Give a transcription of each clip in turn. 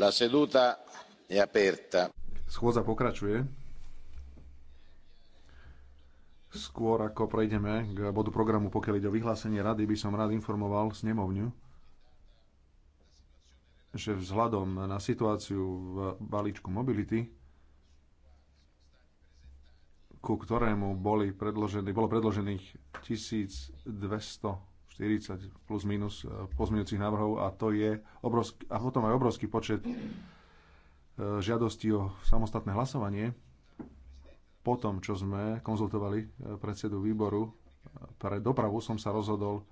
La seduta è aperta. Schôdza pokračuje. Skôr ako prejdeme k bodu programu, pokiaľ ide o vyhlásenie rady, by som rád informoval snemovňu, že vzhľadom na situáciu v balíčku mobility, ku ktorému boli predložený, bolo predložených 1200 40 plus minus e, pozmeňujúcich návrhov a to je obrovský, a potom aj obrovský počet e, žiadostí o samostatné hlasovanie. Po tom, čo sme konzultovali e, predsedu výboru pre dopravu, som sa rozhodol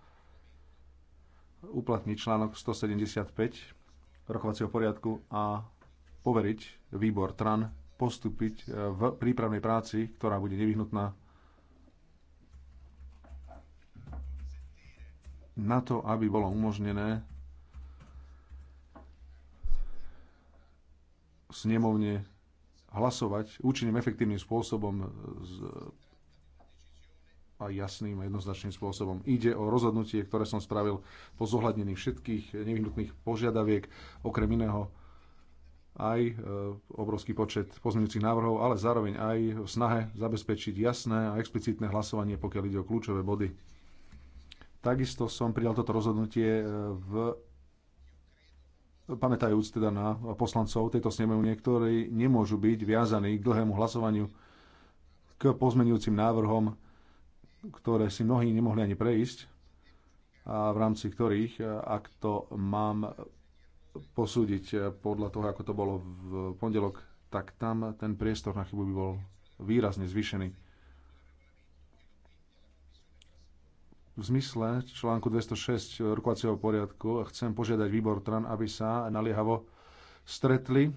uplatniť článok 175 rokovacieho poriadku a poveriť výbor TRAN postúpiť v prípravnej práci, ktorá bude nevyhnutná na to, aby bolo umožnené snemovne hlasovať účinným, efektívnym spôsobom z, a jasným a jednoznačným spôsobom. Ide o rozhodnutie, ktoré som spravil po zohľadnení všetkých nevyhnutných požiadaviek, okrem iného aj e, obrovský počet pozmeňujúcich návrhov, ale zároveň aj v snahe zabezpečiť jasné a explicitné hlasovanie, pokiaľ ide o kľúčové body. Takisto som pridal toto rozhodnutie e, v pamätajúc teda na poslancov tejto snemovne, ktorí nemôžu byť viazaní k dlhému hlasovaniu k pozmenujúcim návrhom, ktoré si mnohí nemohli ani prejsť a v rámci ktorých, e, ak to mám posúdiť e, podľa toho, ako to bolo v pondelok, tak tam ten priestor na chybu by bol výrazne zvýšený. v zmysle článku 206 rokovacieho poriadku chcem požiadať výbor TRAN, aby sa naliehavo stretli, e,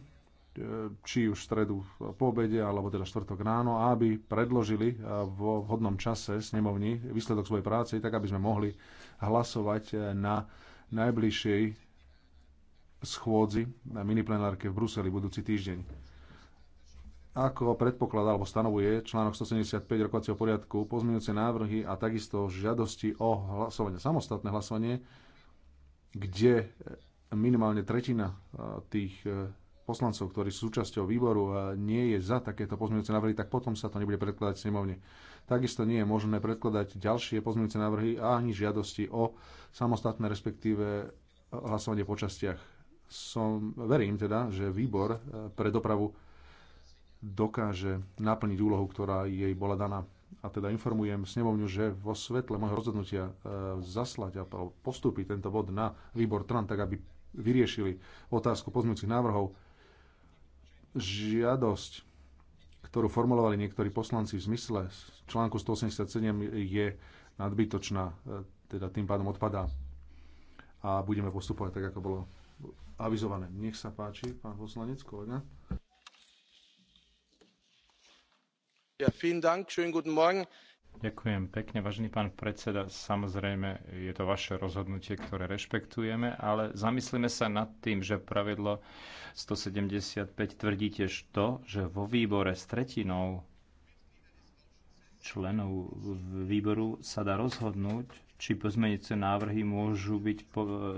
či už v stredu po obede, alebo teda štvrtok ráno, a aby predložili e, vo vhodnom čase snemovni výsledok svojej práce, tak aby sme mohli hlasovať e, na najbližšej schôdzi na miniplenárke v Bruseli budúci týždeň. Ako predpokladá alebo stanovuje článok 175 rokovacieho poriadku, pozmeňujúce návrhy a takisto žiadosti o hlasovanie, samostatné hlasovanie, kde minimálne tretina e, tých e, poslancov, ktorí sú súčasťou výboru, e, nie je za takéto pozmeňujúce návrhy, tak potom sa to nebude predkladať snemovne. Takisto nie je možné predkladať ďalšie pozmeňujúce návrhy a ani žiadosti o samostatné, respektíve hlasovanie po častiach. Som, verím teda, že výbor pre dopravu dokáže naplniť úlohu, ktorá jej bola daná. A teda informujem snemovňu, že vo svetle môjho rozhodnutia e, zaslať a postúpiť tento bod na výbor TRAN, tak aby vyriešili otázku pozmúcich návrhov, žiadosť, ktorú formulovali niektorí poslanci v zmysle článku 187 je nadbytočná, e, teda tým pádom odpadá a budeme postupovať tak, ako bolo avizované. Nech sa páči, pán poslanec, kolega. Ďakujem pekne, vážený pán predseda. Samozrejme, je to vaše rozhodnutie, ktoré rešpektujeme, ale zamyslíme sa nad tým, že pravidlo 175 tvrdí tiež to, že vo výbore s tretinou členov výboru sa dá rozhodnúť, či pozmenice návrhy môžu byť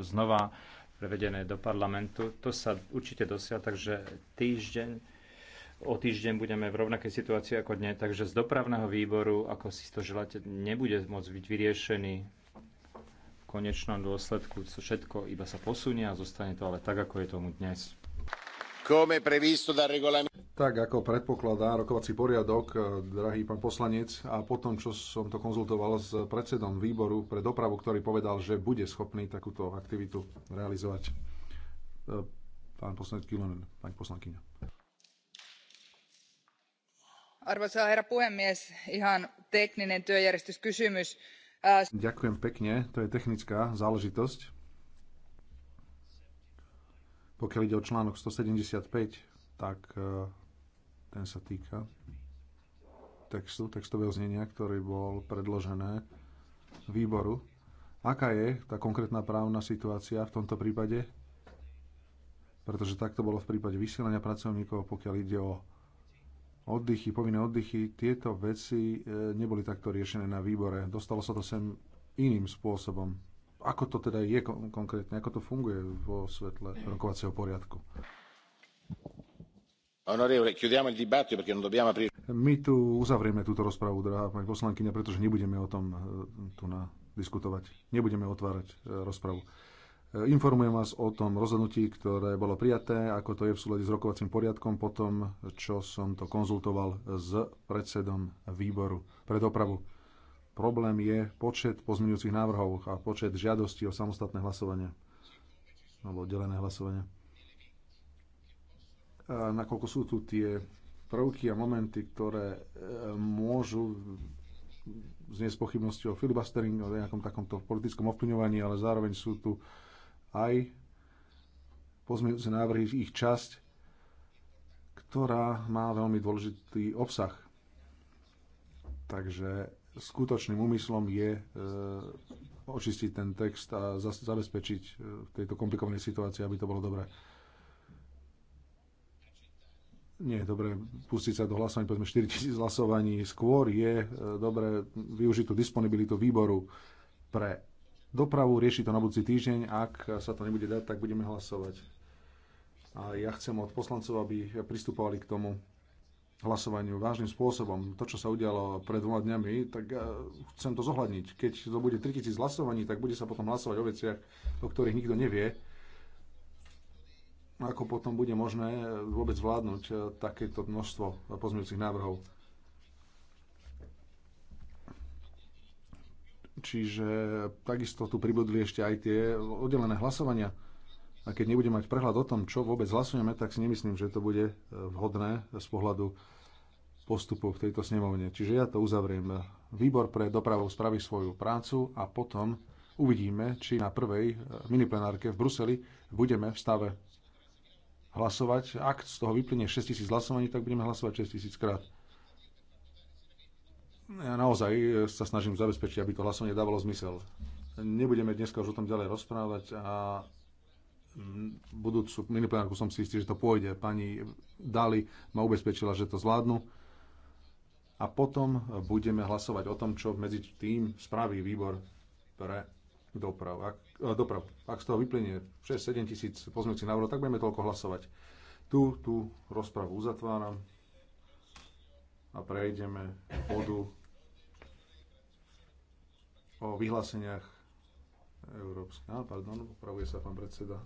znova prevedené do parlamentu. To sa určite dosia, takže týždeň O týždeň budeme v rovnakej situácii ako dne, takže z dopravného výboru, ako si to želáte, nebude môcť byť vyriešený v konečnom dôsledku. Všetko iba sa posunie a zostane to ale tak, ako je tomu dnes. Tak ako predpokladá rokovací poriadok, eh, drahý pán poslanec, a potom, čo som to konzultoval s predsedom výboru pre dopravu, ktorý povedal, že bude schopný takúto aktivitu realizovať. Eh, pán poslanec Kilonen, pani poslankyňa arvoisa herra puhemies ihan tekninen työjärjestyskysymys. Ďakujem pekne, to je technická záležitosť. Pokiaľ ide o článok 175, tak ten sa týka textu, textového znenia, ktorý bol predložené výboru. Aká je tá konkrétna právna situácia v tomto prípade? Pretože takto bolo v prípade vysielania pracovníkov, pokiaľ ide o oddychy, povinné oddychy, tieto veci e, neboli takto riešené na výbore. Dostalo sa to sem iným spôsobom. Ako to teda je konkrétne? Ako to funguje vo svetle rokovacieho poriadku? My tu uzavrieme túto rozpravu, drahá pani poslankyňa, pretože nebudeme o tom e, tu na diskutovať. Nebudeme otvárať e, rozpravu. Informujem vás o tom rozhodnutí, ktoré bolo prijaté, ako to je v súlade s rokovacím poriadkom, po tom, čo som to konzultoval s predsedom výboru pre dopravu. Problém je počet pozmeňujúcich návrhov a počet žiadostí o samostatné hlasovanie alebo oddelené hlasovanie. A nakoľko sú tu tie prvky a momenty, ktoré e, môžu znieť pochybnosti o filibustering, o nejakom takomto politickom ovplyvňovaní, ale zároveň sú tu aj pozmeňujúce návrhy, ich časť, ktorá má veľmi dôležitý obsah. Takže skutočným úmyslom je e, očistiť ten text a zabezpečiť e, v tejto komplikovanej situácii, aby to bolo dobré. Nie je dobré pustiť sa do hlasovania, povedzme 4000 hlasovaní. Skôr je e, dobré využiť tú disponibilitu výboru pre Dopravu rieši to na budúci týždeň. Ak sa to nebude dať, tak budeme hlasovať. A ja chcem od poslancov, aby pristupovali k tomu hlasovaniu vážnym spôsobom. To, čo sa udialo pred dvoma dňami, tak eh, chcem to zohľadniť. Keď to bude 3000 hlasovaní, tak bude sa potom hlasovať o veciach, o ktorých nikto nevie. Ako potom bude možné vôbec vládnuť eh, takéto množstvo pozmeňujúcich návrhov. Čiže takisto tu pribudli ešte aj tie oddelené hlasovania. A keď nebudem mať prehľad o tom, čo vôbec hlasujeme, tak si nemyslím, že to bude e, vhodné z pohľadu postupu v tejto snemovne. Čiže ja to uzavriem. Výbor pre dopravu spraví svoju prácu a potom uvidíme, či na prvej e, miniplenárke v Bruseli budeme v stave hlasovať. Ak z toho vyplynie 6000 hlasovaní, tak budeme hlasovať 6000 krát. Ja naozaj e, sa snažím zabezpečiť, aby to hlasovanie dávalo zmysel. Nebudeme dneska už o tom ďalej rozprávať a budúcu miniplenárku som si istý, že to pôjde. Pani Dali ma ubezpečila, že to zvládnu. A potom budeme hlasovať o tom, čo medzi tým spraví výbor pre dopravu. Ak, e, doprav. Ak z toho vyplynie 6-7 tisíc pozmeňujúcich návrhov, tak budeme toľko hlasovať. Tu, tú rozpravu uzatváram a prejdeme k bodu o vyhláseniach Európska, pardon, opravuje sa pán predseda.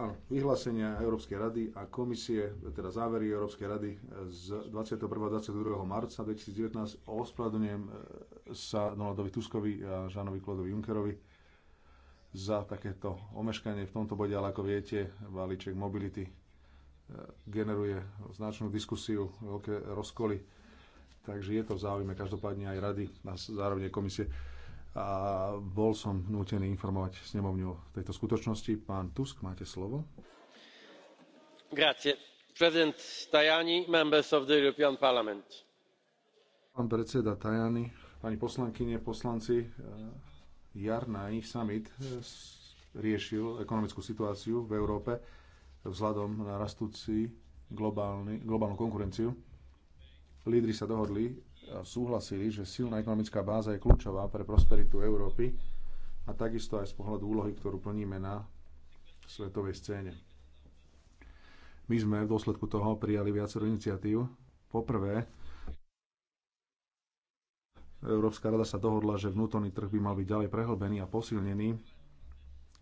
Áno, vyhlásenia Európskej rady a komisie, teda závery Európskej rady z 21. a 22. marca 2019 ospravedlňujem e, sa Donaldovi Tuskovi a Žánovi Klodovi Junkerovi za takéto omeškanie v tomto bode, ale ako viete, balíček mobility e, generuje značnú diskusiu, veľké rozkoly Takže je to v záujme každopádne aj rady a zároveň komisie. A bol som nútený informovať snemovňu o tejto skutočnosti. Pán Tusk, máte slovo. Grazie. President Tajani, members of the European Parliament. Pán predseda Tajani, pani poslankyne, poslanci, eh, jar na ich summit eh, riešil ekonomickú situáciu v Európe vzhľadom na rastúci globálny, globálnu konkurenciu Lídry sa dohodli a súhlasili, že silná ekonomická báza je kľúčová pre prosperitu Európy a takisto aj z pohľadu úlohy, ktorú plníme na svetovej scéne. My sme v dôsledku toho prijali viacero iniciatív. Poprvé, Európska rada sa dohodla, že vnútorný trh by mal byť ďalej prehlbený a posilnený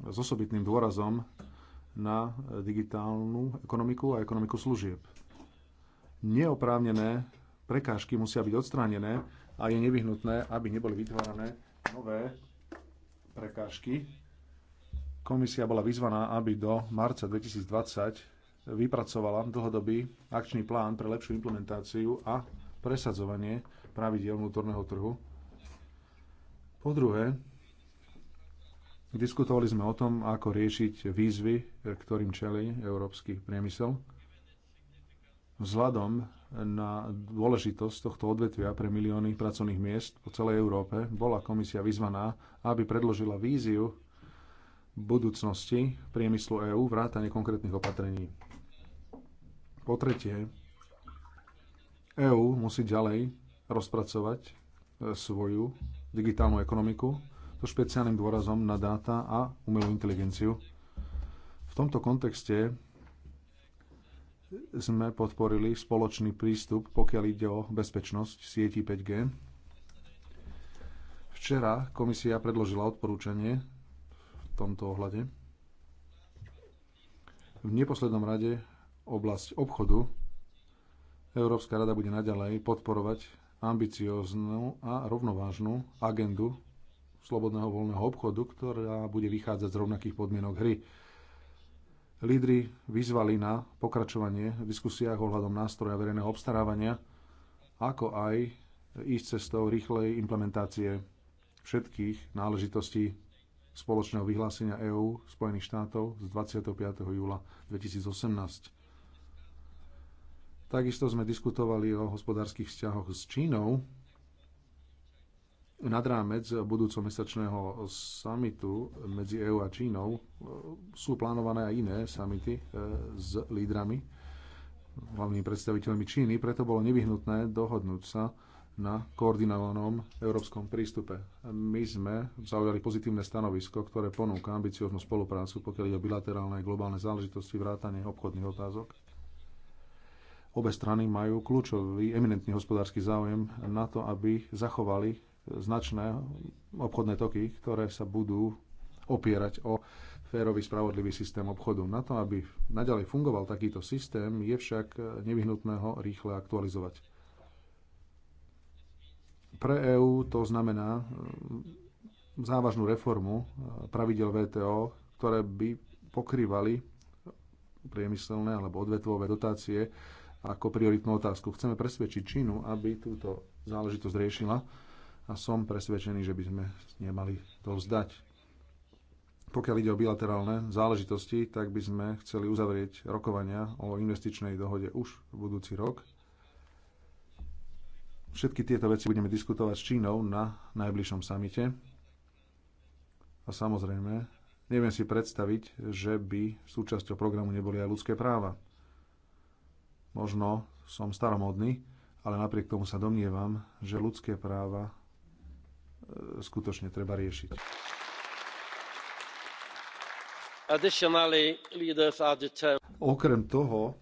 s osobitným dôrazom na digitálnu ekonomiku a ekonomiku služieb. Neoprávnené prekážky musia byť odstránené a je nevyhnutné, aby neboli vytvárané nové prekážky. Komisia bola vyzvaná, aby do marca 2020 vypracovala dlhodobý akčný plán pre lepšiu implementáciu a presadzovanie pravidiel vnútorného trhu. Po druhé, diskutovali sme o tom, ako riešiť výzvy, ktorým čelí európsky priemysel vzhľadom na dôležitosť tohto odvetvia pre milióny pracovných miest po celej Európe bola komisia vyzvaná, aby predložila víziu budúcnosti priemyslu EÚ vrátane konkrétnych opatrení. Po tretie, EÚ musí ďalej rozpracovať e, svoju digitálnu ekonomiku so špeciálnym dôrazom na dáta a umelú inteligenciu. V tomto kontexte sme podporili spoločný prístup, pokiaľ ide o bezpečnosť sieti 5G. Včera komisia predložila odporúčanie v tomto ohľade. V neposlednom rade oblasť obchodu Európska rada bude naďalej podporovať ambicióznu a rovnovážnu agendu slobodného voľného obchodu, ktorá bude vychádzať z rovnakých podmienok hry. Lídry vyzvali na pokračovanie v diskusiách ohľadom nástroja verejného obstarávania, ako aj ísť cestou rýchlej implementácie všetkých náležitostí spoločného vyhlásenia EÚ Spojených štátov z 25. júla 2018. Takisto sme diskutovali o hospodárskych vzťahoch s Čínou, nad rámec budúco mesačného samitu medzi EÚ a Čínou sú plánované aj iné samity e, s lídrami, hlavnými predstaviteľmi Číny, preto bolo nevyhnutné dohodnúť sa na koordinovanom európskom prístupe. My sme zaujali pozitívne stanovisko, ktoré ponúka ambicióznu spoluprácu, pokiaľ ide o bilaterálne a globálne záležitosti vrátanie obchodných otázok. Obe strany majú kľúčový, eminentný hospodársky záujem na to, aby zachovali značné obchodné toky, ktoré sa budú opierať o férový, spravodlivý systém obchodu. Na to, aby naďalej fungoval takýto systém, je však nevyhnutné ho rýchle aktualizovať. Pre EÚ to znamená mm, závažnú reformu e, pravidel VTO, ktoré by pokrývali priemyselné alebo odvetvové dotácie ako prioritnú otázku. Chceme presvedčiť Čínu, aby túto záležitosť riešila a som presvedčený, že by sme nemali to vzdať. Pokiaľ ide o bilaterálne záležitosti, tak by sme chceli uzavrieť rokovania o investičnej dohode už v budúci rok. Všetky tieto veci budeme diskutovať s Čínou na najbližšom samite. A samozrejme, neviem si predstaviť, že by súčasťou programu neboli aj ľudské práva. Možno som staromodný, ale napriek tomu sa domnievam, že ľudské práva E, skutočne treba riešiť. Okrem toho, e,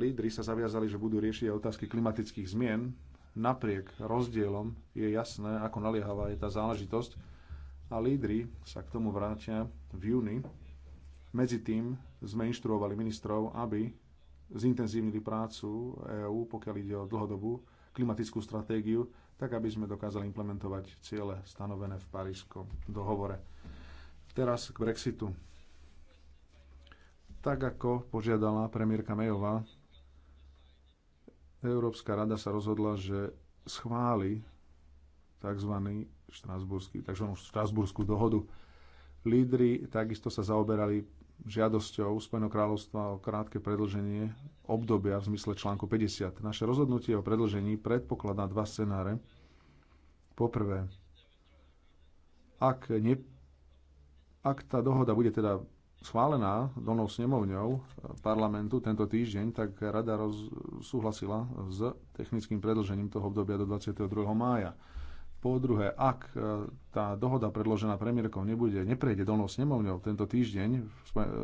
lídry sa zaviazali, že budú riešiť aj otázky klimatických zmien. Napriek rozdielom je jasné, ako naliehavá je tá záležitosť a lídry sa k tomu vrátia v júni. Medzi tým sme inštruovali ministrov, aby zintenzívnili prácu EÚ, pokiaľ ide o dlhodobú klimatickú stratégiu tak aby sme dokázali implementovať ciele stanovené v Parížskom dohovore. Teraz k Brexitu. Tak ako požiadala premiérka Mayová, Európska rada sa rozhodla, že schváli tzv. Štrasburskú, tzv. štrasburskú dohodu. Lídry takisto sa zaoberali žiadosťou Spojeného kráľovstva o krátke predlženie obdobia v zmysle článku 50. Naše rozhodnutie o predlžení predpokladá dva scenáre. Poprvé, ak, ne, ak tá dohoda bude teda schválená dolnou snemovňou parlamentu tento týždeň, tak rada roz, súhlasila s technickým predlžením toho obdobia do 22. mája. Po druhé, ak e, tá dohoda predložená premiérkou nebude, neprejde dolnou snemovňou tento týždeň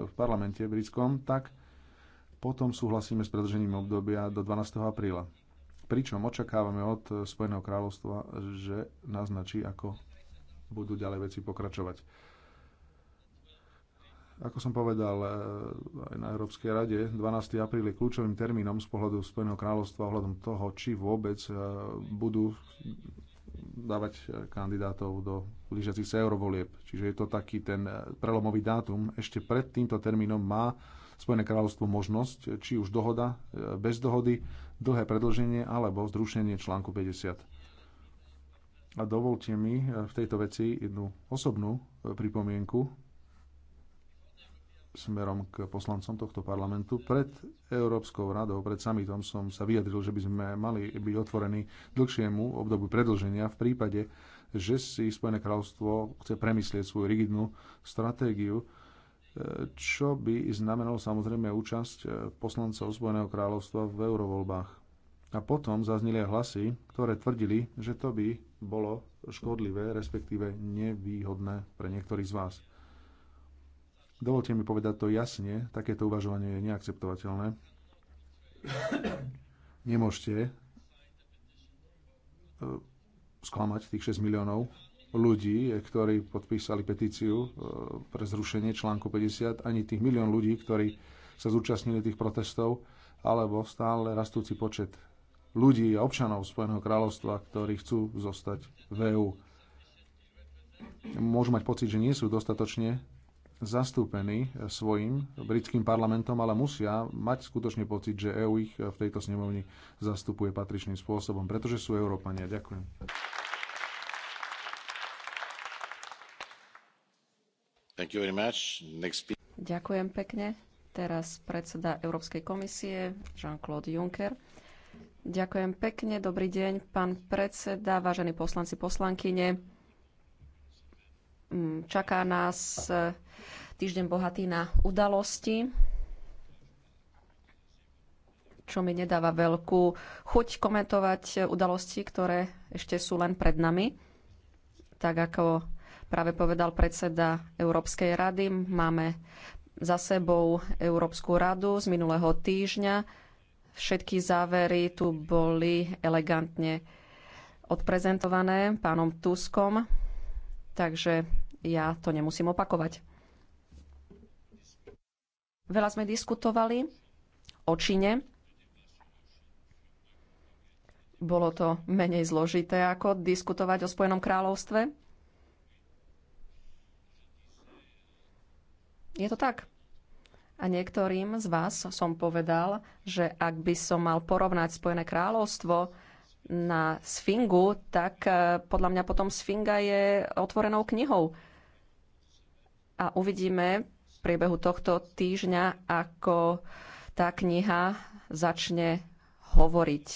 v parlamente britskom, tak potom súhlasíme s predlžením obdobia do 12. apríla. Pričom očakávame od Spojeného kráľovstva, že naznačí, ako budú ďalej veci pokračovať. Ako som povedal e, aj na Európskej rade, 12. apríl je kľúčovým termínom z pohľadu Spojeného kráľovstva ohľadom toho, či vôbec e, budú dávať e, kandidátov do blížiacich sa eurovolieb. Čiže je to taký ten e, prelomový dátum. Ešte pred týmto termínom má Spojené kráľovstvo možnosť, či už dohoda, e, bez dohody, dlhé predlženie alebo zrušenie článku 50. A dovolte mi v tejto veci jednu osobnú pripomienku smerom k poslancom tohto parlamentu. Pred Európskou radou, pred samitom som sa vyjadril, že by sme mali byť otvorení dlhšiemu obdobu predlženia v prípade, že si Spojené kráľovstvo chce premyslieť svoju rigidnú stratégiu, čo by znamenalo samozrejme účasť poslancov Spojeného kráľovstva v eurovoľbách. A potom zazneli aj hlasy, ktoré tvrdili, že to by bolo škodlivé, respektíve nevýhodné pre niektorých z vás. Dovolte mi povedať to jasne, takéto uvažovanie je neakceptovateľné. Nemôžete e, sklamať tých 6 miliónov ľudí, ktorí podpísali petíciu e, pre zrušenie článku 50, ani tých milión ľudí, ktorí sa zúčastnili tých protestov, alebo stále rastúci počet ľudí a občanov Spojeného kráľovstva, ktorí chcú zostať v EU. Môžu mať pocit, že nie sú dostatočne zastúpení e, svojim britským parlamentom, ale musia mať skutočne pocit, že EU ich e, v tejto snemovni zastupuje patričným spôsobom, pretože sú Európania. Ďakujem. Thank you very much. Next... Ďakujem pekne. Teraz predseda Európskej komisie Jean-Claude Juncker. Ďakujem pekne. Dobrý deň, pán predseda, vážení poslanci, poslankyne. Mm, čaká nás e, týždeň bohatý na udalosti, čo mi nedáva veľkú chuť komentovať udalosti, ktoré ešte sú len pred nami. Tak ako práve povedal predseda Európskej rady, máme za sebou Európsku radu z minulého týždňa. Všetky závery tu boli elegantne odprezentované pánom Tuskom, takže ja to nemusím opakovať. Veľa sme diskutovali o Číne. Bolo to menej zložité, ako diskutovať o Spojenom kráľovstve. Je to tak. A niektorým z vás som povedal, že ak by som mal porovnať Spojené kráľovstvo na Sfingu, tak eh, podľa mňa potom Sfinga je otvorenou knihou. A uvidíme, priebehu tohto týždňa, ako tá kniha začne hovoriť.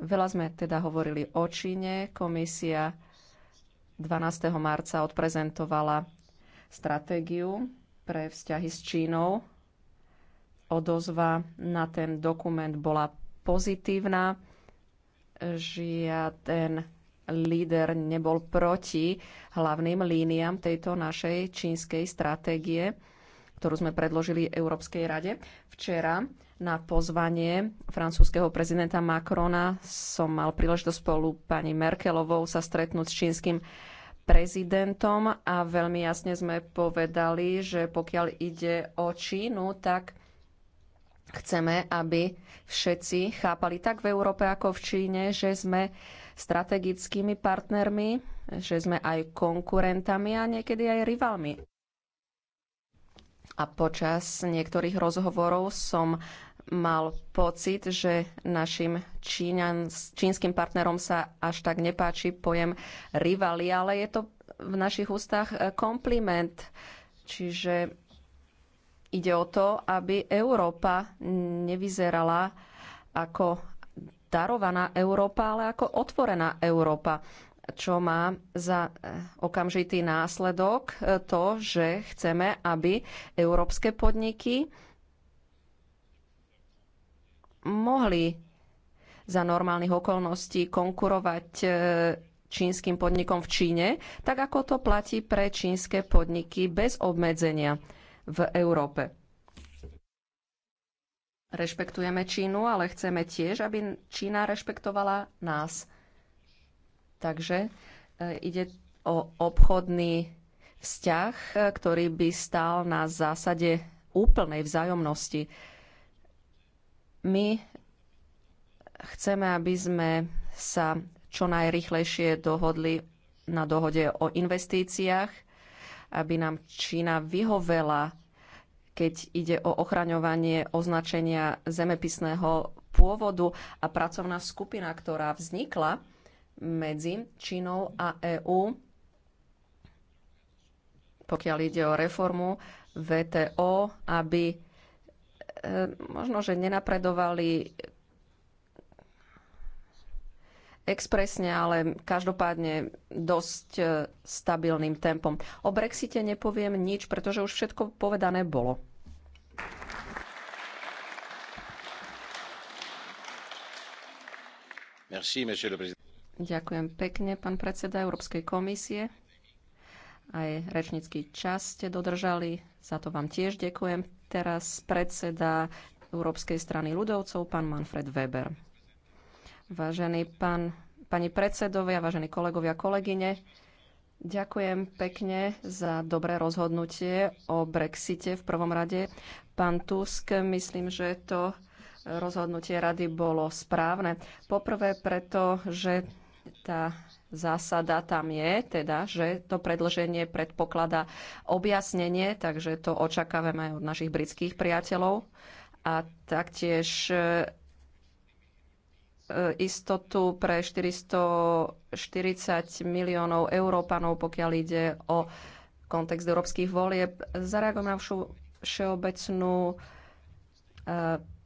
Veľa sme teda hovorili o Číne. Komisia 12. marca odprezentovala stratégiu pre vzťahy s Čínou. Odozva na ten dokument bola pozitívna. Žiaden líder nebol proti hlavným líniám tejto našej čínskej stratégie, ktorú sme predložili Európskej rade. Včera na pozvanie francúzského prezidenta Macrona som mal príležitosť spolu pani Merkelovou sa stretnúť s čínskym prezidentom a veľmi jasne sme povedali, že pokiaľ ide o Čínu, tak chceme, aby všetci chápali tak v Európe ako v Číne, že sme strategickými partnermi, že sme aj konkurentami a niekedy aj rivalmi. A počas niektorých rozhovorov som mal pocit, že našim Číňan, čínskym partnerom sa až tak nepáči pojem rivali, ale je to v našich ústach e, kompliment. Čiže ide o to, aby Európa nevyzerala ako darovaná Európa, ale ako otvorená Európa čo má za eh, okamžitý následok eh, to, že chceme, aby európske podniky mohli za normálnych okolností konkurovať eh, čínskym podnikom v Číne, tak ako to platí pre čínske podniky bez obmedzenia v Európe. Rešpektujeme Čínu, ale chceme tiež, aby Čína rešpektovala nás. Takže e, ide o obchodný vzťah, e, ktorý by stál na zásade úplnej vzájomnosti. My chceme, aby sme sa čo najrychlejšie dohodli na dohode o investíciách, aby nám Čína vyhovela keď ide o ochraňovanie označenia zemepisného pôvodu a pracovná skupina, ktorá vznikla medzi Čínou a EÚ, pokiaľ ide o reformu VTO, aby e, možno, že nenapredovali expresne, ale každopádne dosť e, stabilným tempom. O Brexite nepoviem nič, pretože už všetko povedané bolo. Merci, Ďakujem pekne, pán predseda Európskej komisie. Aj rečnícky čas ste dodržali, za to vám tiež ďakujem. Teraz predseda Európskej strany ľudovcov, pán Manfred Weber. Vážený pán, pani predsedovia, vážení kolegovia, kolegyne, ďakujem pekne za dobré rozhodnutie o Brexite v prvom rade. Pán Tusk, myslím, že to rozhodnutie rady bolo správne. Poprvé preto, že tá zásada tam je, teda, že to predlženie predpokladá objasnenie, takže to očakávame aj od našich britských priateľov. A taktiež E, istotu pre 440 miliónov Európanov, pokiaľ ide o kontext európskych volieb. Zareagujem na všeobecnú e,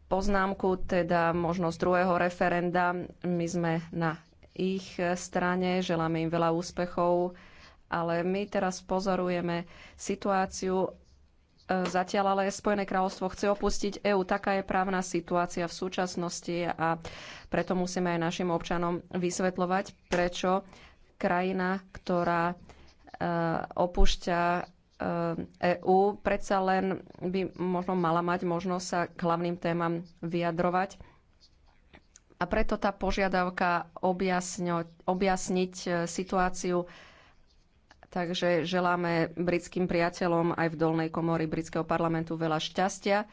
poznámku, teda možnosť druhého referenda. My sme na ich strane, želáme im veľa úspechov, ale my teraz pozorujeme situáciu, E, zatiaľ ale Spojené kráľovstvo chce opustiť EÚ. Taká je právna situácia v súčasnosti a preto musíme aj našim občanom vysvetľovať, prečo krajina, ktorá e, opúšťa EÚ, e predsa len by možno mala mať možnosť sa k hlavným témam vyjadrovať. A preto tá požiadavka objasňo, objasniť situáciu Takže želáme britským priateľom aj v dolnej komory britského parlamentu veľa šťastia.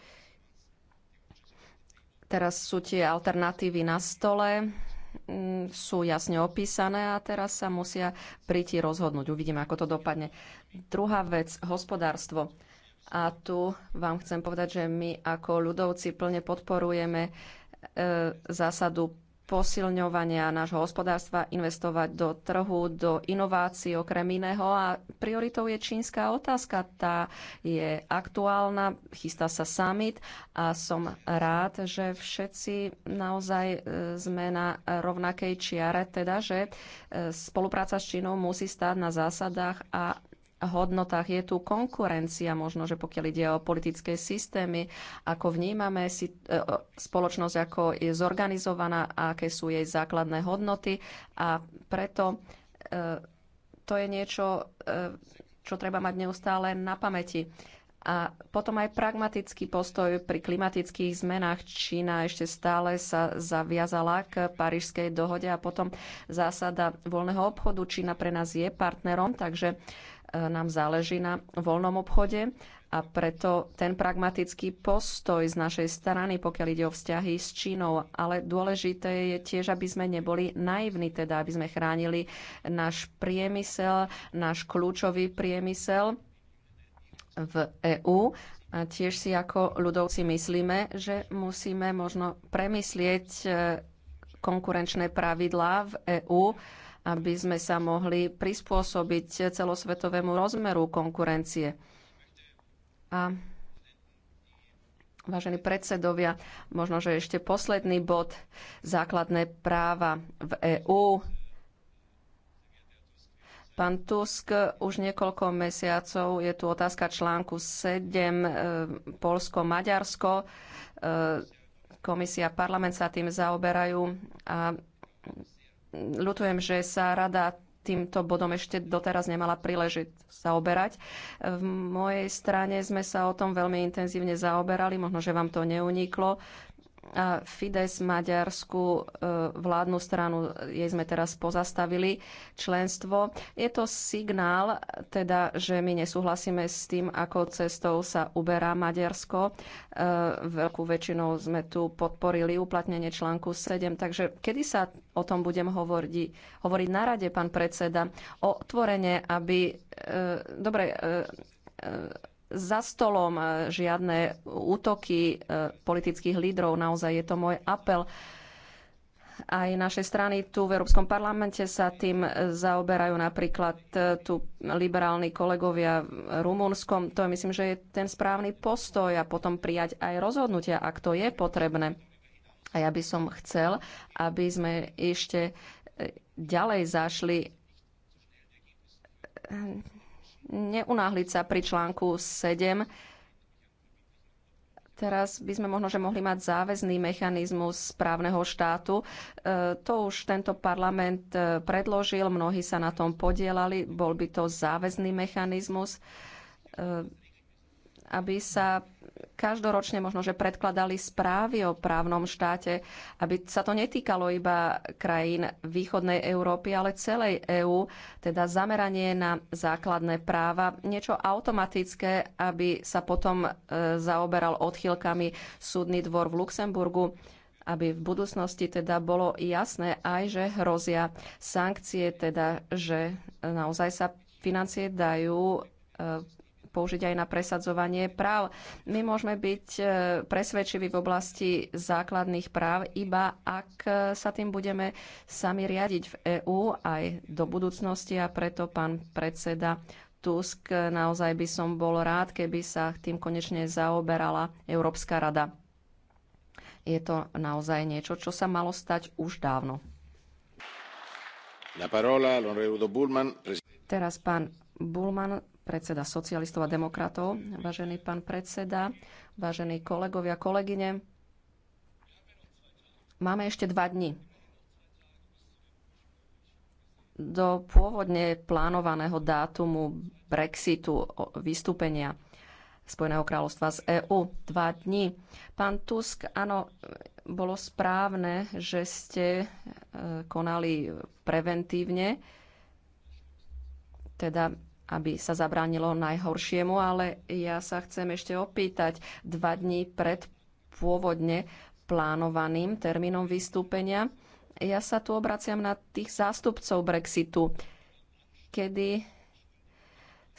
Teraz sú tie alternatívy na stole, mm, sú jasne opísané a teraz sa musia priti rozhodnúť. Uvidíme, ako to dopadne. Druhá vec, hospodárstvo. A tu vám chcem povedať, že my ako ľudovci plne podporujeme e, zásadu posilňovania nášho hospodárstva, investovať do trhu, do inovácií okrem iného. A prioritou je čínska otázka. Tá je aktuálna, chystá sa summit a som rád, že všetci naozaj e, sme na rovnakej čiare, teda, že e, spolupráca s Čínou musí stáť na zásadách a hodnotách je tu konkurencia, možno, že pokiaľ ide o politické systémy, ako vnímame si, e, spoločnosť, ako je zorganizovaná a aké sú jej základné hodnoty. A preto e, to je niečo, e, čo treba mať neustále na pamäti. A potom aj pragmatický postoj pri klimatických zmenách. Čína ešte stále sa zaviazala k Parížskej dohode a potom zásada voľného obchodu. Čína pre nás je partnerom, takže uh, nám záleží na voľnom obchode a preto ten pragmatický postoj z našej strany, pokiaľ ide o vzťahy s Čínou, ale dôležité je tiež, aby sme neboli naivní, teda aby sme chránili náš priemysel, náš kľúčový priemysel v EÚ a tiež si ako ľudovci myslíme, že musíme možno premyslieť e, konkurenčné pravidlá v EÚ aby sme sa mohli prispôsobiť celosvetovému rozmeru konkurencie. A vážení predsedovia, možno, že ešte posledný bod, základné práva v EÚ. Pán Tusk, už niekoľko mesiacov je tu otázka článku 7, e, Polsko-Maďarsko. E, Komisia, parlament sa tým zaoberajú a ľutujem, že sa rada týmto bodom ešte doteraz nemala príležiť zaoberať. V mojej strane sme sa o tom veľmi intenzívne zaoberali, možno, že vám to neuniklo a Fides maďarsku e, vládnu stranu, jej sme teraz pozastavili členstvo. Je to signál, teda, že my nesúhlasíme s tým, ako cestou sa uberá Maďarsko. E, veľkú väčšinou sme tu podporili uplatnenie článku 7, takže kedy sa o tom budem hovoriť, hovoriť na rade, pán predseda, o otvorenie, aby... E, dobre, za stolom, e, žiadne útoky e, politických lídrov. Naozaj je to môj apel. Aj našej strany tu v Európskom parlamente sa tým zaoberajú napríklad e, tu liberálni kolegovia v Rumunskom. To je, myslím, že je ten správny postoj a potom prijať aj rozhodnutia, ak to je potrebné. A ja by som chcel, aby sme ešte ďalej zašli neunáhliť sa pri článku 7. Teraz by sme možno, že mohli mať záväzný mechanizmus správneho štátu. E, to už tento parlament e, predložil, mnohí sa na tom podielali, bol by to záväzný mechanizmus, e, aby sa každoročne možno, že predkladali správy o právnom štáte, aby sa to netýkalo iba krajín východnej Európy, ale celej EÚ, teda zameranie na základné práva, niečo automatické, aby sa potom e, zaoberal odchýlkami súdny dvor v Luxemburgu aby v budúcnosti teda bolo jasné aj, že hrozia sankcie, teda že naozaj sa financie dajú e, použiť aj na presadzovanie práv. My môžeme byť e, presvedčiví v oblasti základných práv, iba ak e, sa tým budeme sami riadiť v EÚ aj do budúcnosti a preto pán predseda Tusk, e, naozaj by som bol rád, keby sa tým konečne zaoberala Európska rada. Je to naozaj niečo, čo sa malo stať už dávno. Parola, Teraz pán Bulman predseda socialistov a demokratov. Vážený pán predseda, vážení kolegovia, kolegyne, máme ešte dva dni do pôvodne plánovaného dátumu Brexitu, vystúpenia Spojeného kráľovstva z EÚ. Dva dní. Pán Tusk, áno, bolo správne, že ste e, konali preventívne, teda aby sa zabránilo najhoršiemu, ale ja sa chcem ešte opýtať dva dní pred pôvodne plánovaným termínom vystúpenia. Ja sa tu obraciam na tých zástupcov Brexitu, kedy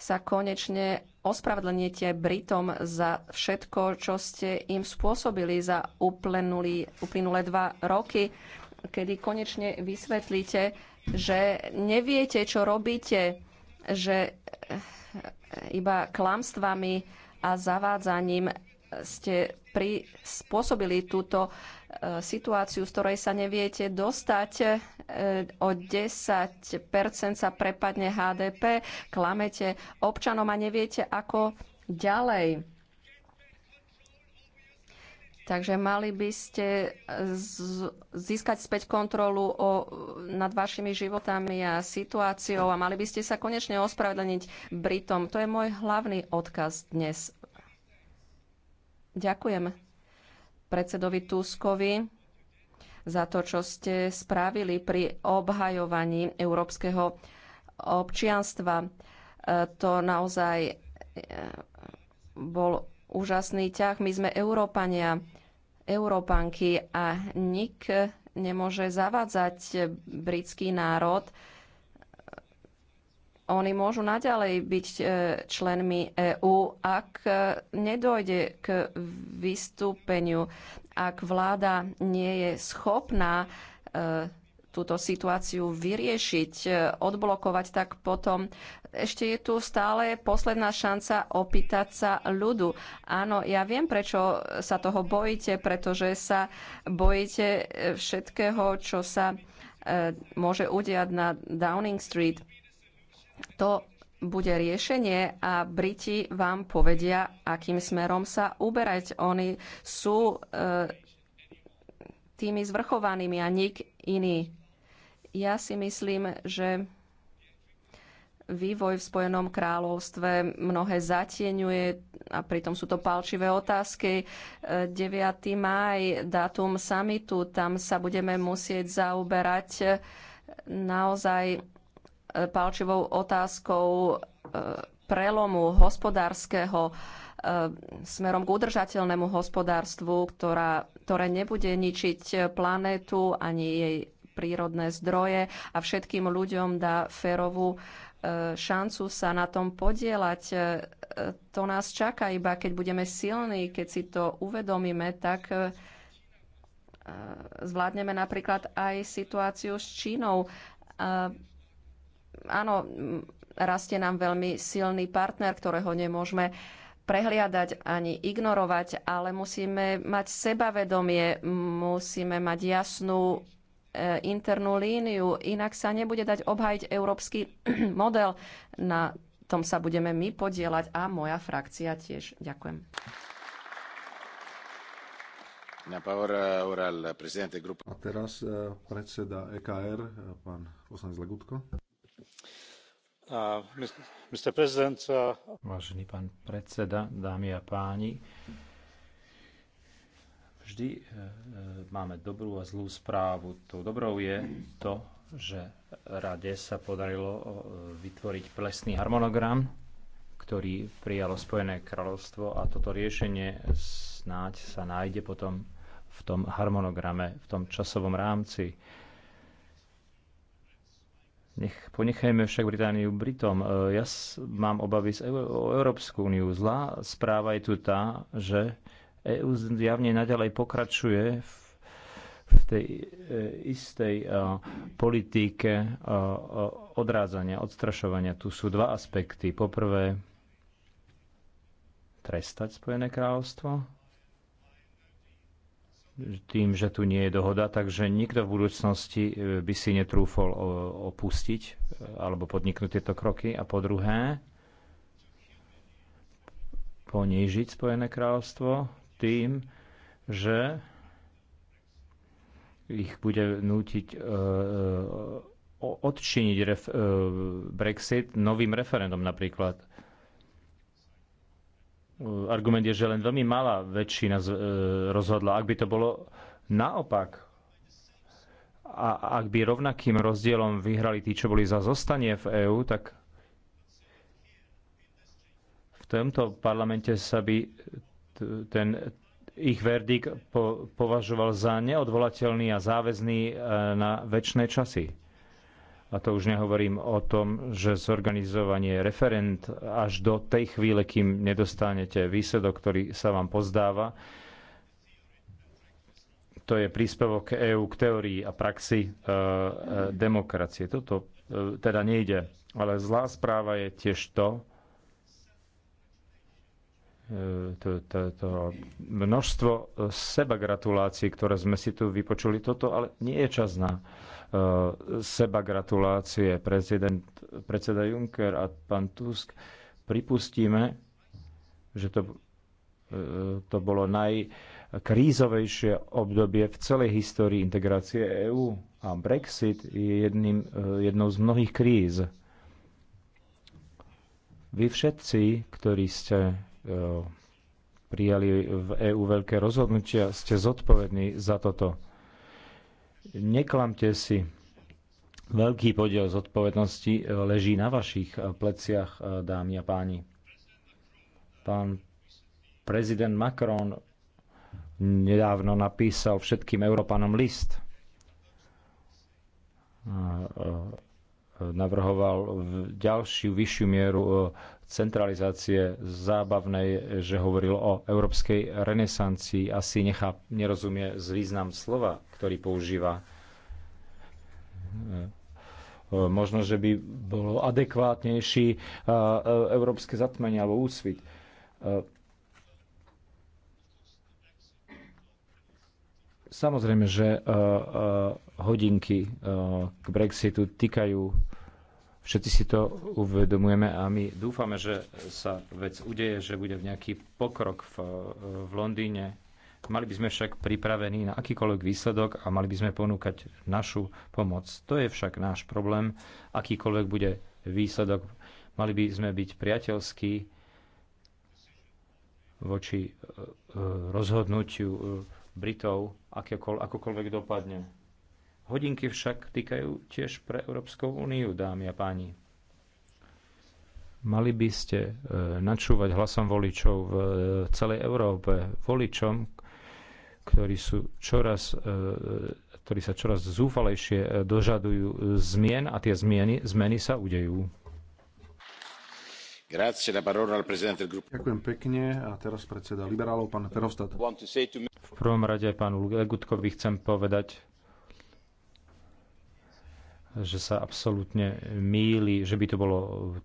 sa konečne ospravedlnite Britom za všetko, čo ste im spôsobili za uplynulé dva roky, kedy konečne vysvetlíte, že neviete, čo robíte, že eh, iba klamstvami a zavádzaním ste prispôsobili túto eh, situáciu, z ktorej sa neviete dostať. Eh, o 10 sa prepadne HDP, klamete občanom a neviete, ako ďalej. Takže mali by ste e, získať späť kontrolu o, nad vašimi životami a situáciou a mali by ste sa konečne ospravedlniť Britom. To je môj hlavný odkaz dnes. Ďakujem predsedovi Tuskovi za to, čo ste spravili pri obhajovaní európskeho občianstva. E, to naozaj e, bol úžasný ťah. My sme Európania Európanky a nik nemôže zavádzať britský národ. Oni môžu naďalej byť e, členmi EÚ, ak nedojde k vystúpeniu, ak vláda nie je schopná e, túto situáciu vyriešiť, e, odblokovať, tak potom ešte je tu stále posledná šanca opýtať sa ľudu. Áno, ja viem, prečo sa toho bojíte, pretože sa bojíte e, všetkého, čo sa e, môže udiať na Downing Street. To bude riešenie a Briti vám povedia, akým smerom sa uberať. Oni sú e, tými zvrchovanými a nik iný. Ja si myslím, že vývoj v Spojenom kráľovstve mnohé zatieňuje a pritom sú to palčivé otázky. 9. E, máj, dátum samitu, tam sa budeme musieť zaoberať e, naozaj e, palčivou otázkou prelomu hospodárskeho smerom k udržateľnému hospodárstvu, ktorá, ktoré nebude ničiť planétu ani jej prírodné zdroje a všetkým ľuďom dá férovú e, šancu sa na tom podielať. E, to nás čaká iba, keď budeme silní, keď si to uvedomíme, tak e, zvládneme napríklad aj situáciu s Čínou. Áno, rastie nám veľmi silný partner, ktorého nemôžeme prehliadať ani ignorovať, ale musíme mať sebavedomie, musíme mať jasnú Eh, internú líniu, inak sa nebude dať obhajiť európsky model. Na tom sa budeme my podielať a moja frakcia tiež. Ďakujem. A teraz eh, predseda EKR, eh, pán poslanec Legutko. Uh, Mr. President, uh... Vážený pán predseda, dámy a páni, Vždy e, e, máme dobrú a zlú správu. Tou dobrou je to, že rade sa podarilo e, vytvoriť plesný harmonogram, ktorý prijalo Spojené kráľovstvo a toto riešenie snáď sa nájde potom v tom harmonograme, v tom časovom rámci. Nech, ponechajme však Britániu Britom. Ja mám obavy z, o Európsku úniu. Zlá správa je tu tá, že EU zjavne naďalej pokračuje v v tej e, istej e, politike e, odrádzania, odstrašovania. Tu sú dva aspekty. Poprvé, trestať Spojené kráľovstvo tým, že tu nie je dohoda, takže nikto v budúcnosti by si netrúfol opustiť alebo podniknúť tieto kroky. A po druhé, ponížiť Spojené kráľovstvo tým, že ich bude nútiť e, e, odčiniť e, Brexit novým referendum napríklad. Argument je, že len veľmi malá väčšina rozhodla. Ak by to bolo naopak, a ak by rovnakým rozdielom vyhrali tí, čo boli za zostanie v EÚ, tak v tomto parlamente sa by ten ich verdikt po, považoval za neodvolateľný a záväzný e, na väčšie časy. A to už nehovorím o tom, že zorganizovanie referent až do tej chvíle, kým nedostanete výsledok, ktorý sa vám pozdáva, to je príspevok EÚ k teórii a praxi e, e, demokracie. Toto e, teda nejde. Ale zlá správa je tiež to, E, to, to, to množstvo e, seba gratulácií, ktoré sme si tu vypočuli. Toto ale nie je čas na uh, seba gratulácie. Prezident, predseda Juncker a pán Tusk pripustíme, že to, uh, to bolo najkrízovejšie obdobie v celej histórii integrácie EÚ a Brexit je jedným, uh, jednou z mnohých kríz. Vy všetci, ktorí ste E, prijali v EÚ veľké rozhodnutia, ste zodpovední za toto. Neklamte si, veľký podiel zodpovednosti e, leží na vašich e, pleciach, dámy a páni. Pán prezident Macron nedávno napísal všetkým Európanom list navrhoval ďalšiu vyššiu mieru e, centralizácie zábavnej, že hovoril o európskej renesancii. Asi nechá, nerozumie z význam slova, ktorý používa. E, e, možno, že by bolo adekvátnejší európske zatmenie alebo úsvit. Samozrejme, že hodinky eh, k Brexitu týkajú. Všetci si to uvedomujeme a my dúfame, že sa vec udeje, že bude nejaký pokrok v, eh, v Londýne. Mali by sme však pripravení na akýkoľvek výsledok a mali by sme ponúkať našu pomoc. To je však náš problém, akýkoľvek bude výsledok. Mali by sme byť priateľskí voči eh, rozhodnutiu Britov, akokoľvek dopadne Hodinky však týkajú tiež pre Európsku úniu, dámy a páni. Mali by ste e, načúvať hlasom voličov v e, celej Európe, voličom, ktorí, sú čoraz, e, ktorí sa čoraz zúfalejšie dožadujú zmien a tie zmieny, zmeny sa udejú. Ďakujem pekne a teraz predseda liberálov, pán Verhofstadt. V prvom rade pánu Legutkovi chcem povedať, že sa absolútne míli, že by to bolo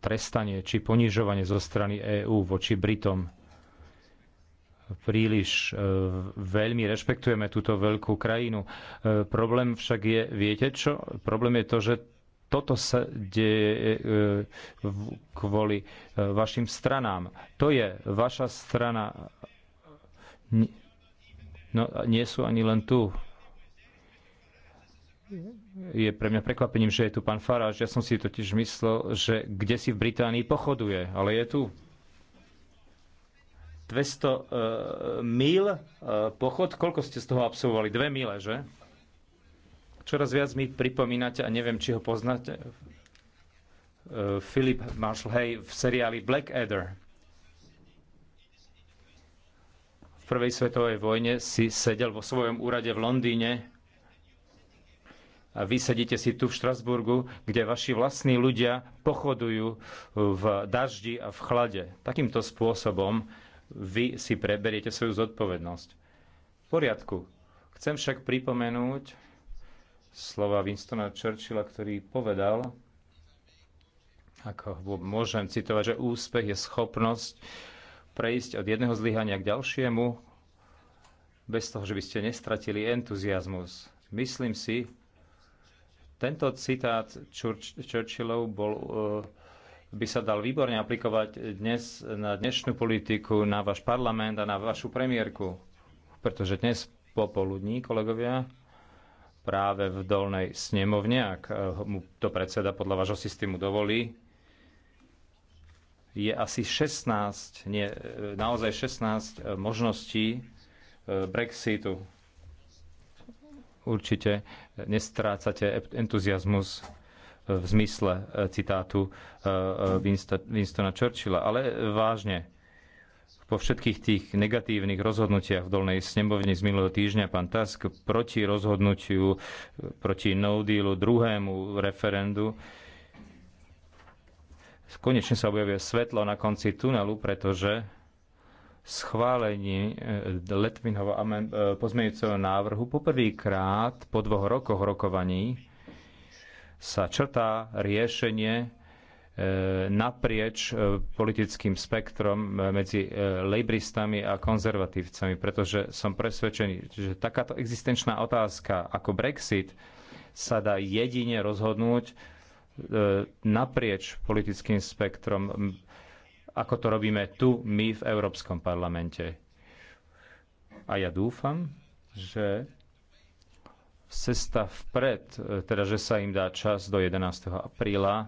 trestanie či ponižovanie zo strany EÚ voči Britom. Príliš e, veľmi rešpektujeme túto veľkú krajinu. E, problém však je, viete čo? Problém je to, že toto sa deje e, kvôli e, vašim stranám. To je vaša strana. No, nie sú ani len tu je pre mňa prekvapením, že je tu pán Faráž. Ja som si totiž myslel, že kde si v Británii pochoduje, ale je tu. 200 uh, mil uh, pochod, koľko ste z toho absolvovali? Dve mile, že? Čoraz viac mi pripomínate, a neviem, či ho poznáte, uh, eh, Philip Marshall Hay v seriáli Black Adder. V prvej svetovej vojne si sedel vo svojom úrade v Londýne a vy sedíte si tu v Štrasburgu, kde vaši vlastní ľudia pochodujú v daždi a v chlade. Takýmto spôsobom vy si preberiete svoju zodpovednosť. V poriadku. Chcem však pripomenúť slova Winstona Churchilla, ktorý povedal, ako môžem citovať, že úspech je schopnosť prejsť od jedného zlyhania k ďalšiemu bez toho, že by ste nestratili entuziasmus. Myslím si, tento citát Churchillov bol, eh, by sa dal výborne aplikovať dnes na dnešnú politiku, na váš parlament a na vašu premiérku. Pretože dnes popoludní, kolegovia, práve v dolnej snemovne, ak eh, mu to predseda podľa vášho systému dovolí, je asi 16, nie, eh, naozaj 16 možností Brexitu určite nestrácate entuziasmus v zmysle e, citátu e, e, Winstona Churchilla, ale vážne, po všetkých tých negatívnych rozhodnutiach v dolnej snemovni z minulého týždňa pán Tusk proti rozhodnutiu, proti no dealu, druhému referendu, konečne sa objavuje svetlo na konci tunelu, pretože schválení eh, Letvinho eh, pozmeňujúceho návrhu poprvýkrát po dvoch rokoch rokovaní sa črtá riešenie eh, naprieč politickým spektrom medzi lejbristami a konzervatívcami, pretože som presvedčený, že takáto existenčná otázka ako Brexit sa dá jedine rozhodnúť naprieč politickým spektrom ako to robíme tu, my v Európskom parlamente. A ja dúfam, že cesta vpred, e, teda že sa im dá čas do 11. apríla, e,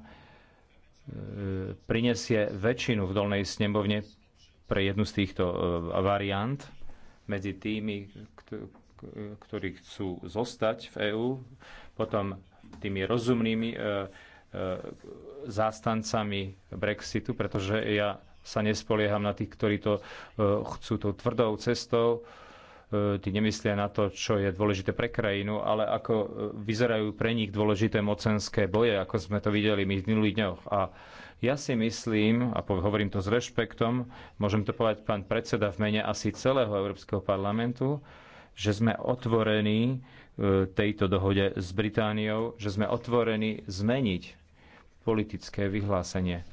prinesie väčšinu v dolnej snemovne pre jednu z týchto e, variant medzi tými, ktorí chcú zostať v EÚ, potom tými rozumnými E, zástancami Brexitu, pretože ja sa nespolieham na tých, ktorí to e, chcú tou tvrdou cestou. E, tí nemyslia na to, čo je dôležité pre krajinu, ale ako vyzerajú pre nich dôležité mocenské boje, ako sme to videli my v minulých dňoch. A ja si myslím, a hovorím to s rešpektom, môžem to povedať pán predseda v mene asi celého Európskeho parlamentu, že sme otvorení tejto dohode s Britániou, že sme otvorení zmeniť politické vyhlásenie.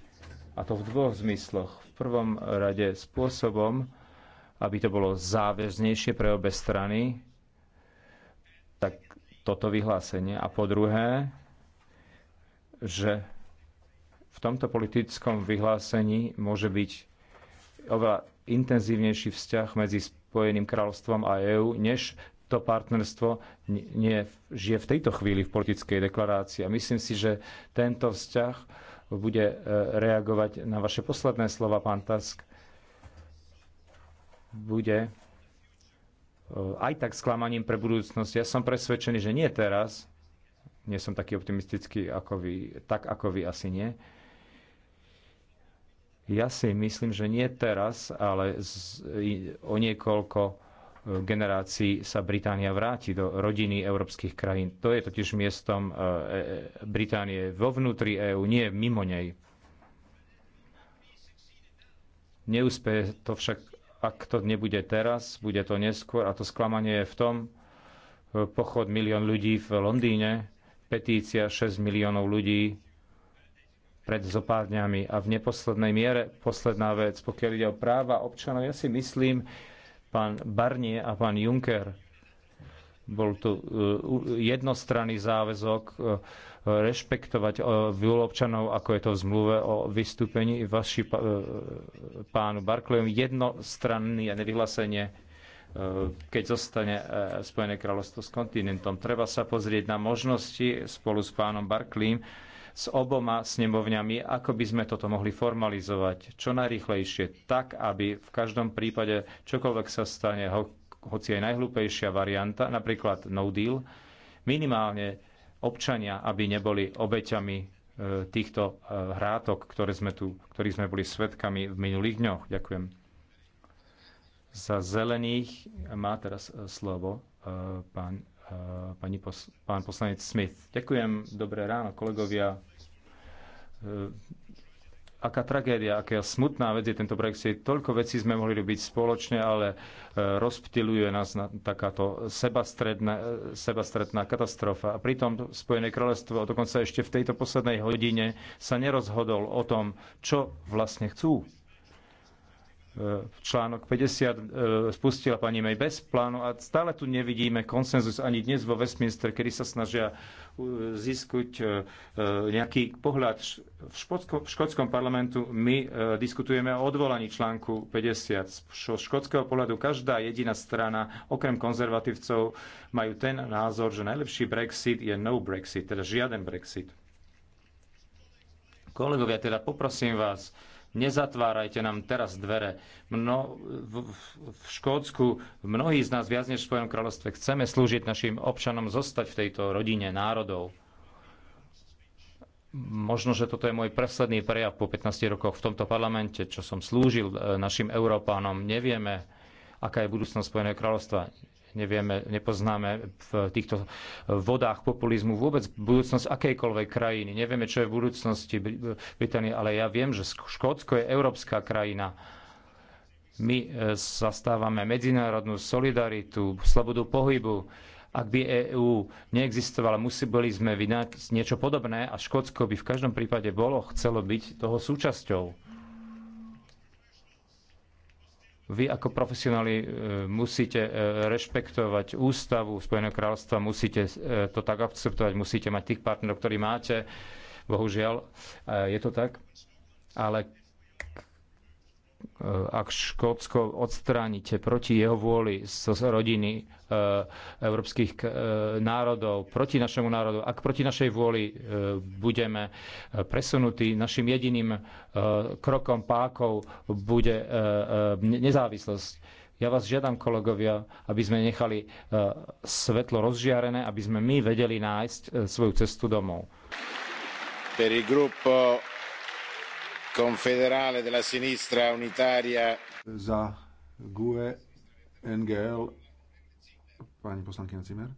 A to v dvoch zmysloch. V prvom rade spôsobom, aby to bolo záväznejšie pre obe strany, tak toto vyhlásenie. A po druhé, že v tomto politickom vyhlásení môže byť oveľa intenzívnejší vzťah medzi Spojeným kráľovstvom a EÚ, než to partnerstvo nie žije v tejto chvíli v politickej deklarácii. A myslím si, že tento vzťah bude e, reagovať na vaše posledné slova, pán Task. Bude e, aj tak sklamaním pre budúcnosť. Ja som presvedčený, že nie teraz, nie som taký optimistický ako vy, tak ako vy asi nie. Ja si myslím, že nie teraz, ale z, o niekoľko generácií sa Británia vráti do rodiny európskych krajín. To je totiž miestom e, e, Británie vo vnútri EÚ, nie mimo nej. Neúspeje to však, ak to nebude teraz, bude to neskôr a to sklamanie je v tom, e, pochod milión ľudí v Londýne, petícia 6 miliónov ľudí pred zopár dňami a v neposlednej miere posledná vec, pokiaľ ide o práva občanov, ja si myslím, pán Barnier a pán Juncker. Bol tu e, jednostranný záväzok e, rešpektovať e, vôľu občanov, ako je to v zmluve o vystúpení vaši pánu Barclayovi. Jednostranný a nevyhlásenie, keď zostane Spojené kráľovstvo s kontinentom. Treba sa pozrieť na možnosti spolu s pánom Barclaym, s oboma snemovňami, ako by sme toto mohli formalizovať čo najrychlejšie, tak aby v každom prípade čokoľvek sa stane, ho, hoci aj najhlúpejšia varianta, napríklad no deal, minimálne občania, aby neboli obeťami e, týchto e, hrátok, ktoré sme tu, ktorých sme boli svetkami v minulých dňoch. Ďakujem. Za zelených má teraz e, slovo pán Eh, pani pos- pán poslanec Smith. Ďakujem, dobré ráno, kolegovia. Eh, aká tragédia, aká smutná vec je tento Brexit. Toľko vecí sme mohli robiť spoločne, ale eh, rozptiluje nás na takáto sebastredná, sebastredná katastrofa. A pritom Spojené kráľovstvo dokonca ešte v tejto poslednej hodine sa nerozhodol o tom, čo vlastne chcú E, článok 50 e, spustila pani May bez plánu a stále tu nevidíme konsenzus ani dnes vo Westminster, kedy sa snažia e, získuť nejaký pohľad. V, škótsko, v škótskom parlamentu my diskutujeme o odvolaní článku 50. Z škótskeho pohľadu každá jediná strana, okrem konzervatívcov, majú ten názor, že najlepší Brexit je no Brexit, teda žiaden Brexit. Kolegovia, teda poprosím vás, Nezatvárajte nám teraz dvere. Mno, v, v Škótsku mnohí z nás viac než v Spojenom kráľovstve chceme slúžiť našim občanom, zostať v tejto rodine národov. Možno, že toto je môj presledný prejav po 15 rokoch v tomto parlamente, čo som slúžil e, našim Európánom. Nevieme, aká je budúcnosť Spojeného kráľovstva nevieme, nepoznáme v týchto vodách populizmu vôbec budúcnosť akejkoľvek krajiny. Nevieme, čo je v budúcnosti Británie, ale ja viem, že Škótsko je európska krajina. My e, zastávame medzinárodnú solidaritu, slobodu pohybu. Ak by EÚ neexistovala, museli sme vynať niečo podobné a Škótsko by v každom prípade bolo, chcelo byť toho súčasťou vy ako profesionáli e, musíte e, rešpektovať ústavu Spojeného kráľovstva, musíte e, to tak akceptovať, musíte mať tých partnerov, ktorí máte. Bohužiaľ, je to tak. Ale E, ak Škótsko odstránite proti jeho vôli z rodiny e, európskych e, národov, proti našemu národu, ak proti našej vôli budeme presunutí, našim jediným krokom pákov bude nezávislosť. Ja vás žiadam, kolegovia, aby sme nechali svetlo rozžiarené, aby sme my vedeli nájsť svoju cestu domov. Per il gruppo confederale della sinistra unitaria za GUE NGL pani poslankyňa Cimer.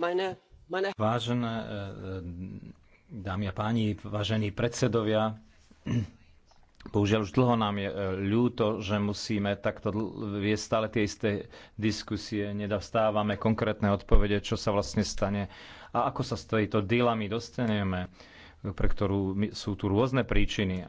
Meine, meine... Vážené e, e, dámy a páni, vážení predsedovia, bohužiaľ už dlho nám je e, ľúto, že musíme takto viesť stále tie isté diskusie, nedostávame konkrétne odpovede, čo sa vlastne stane a ako sa s týmito dilamy dostaneme pre ktorú sú tu rôzne príčiny.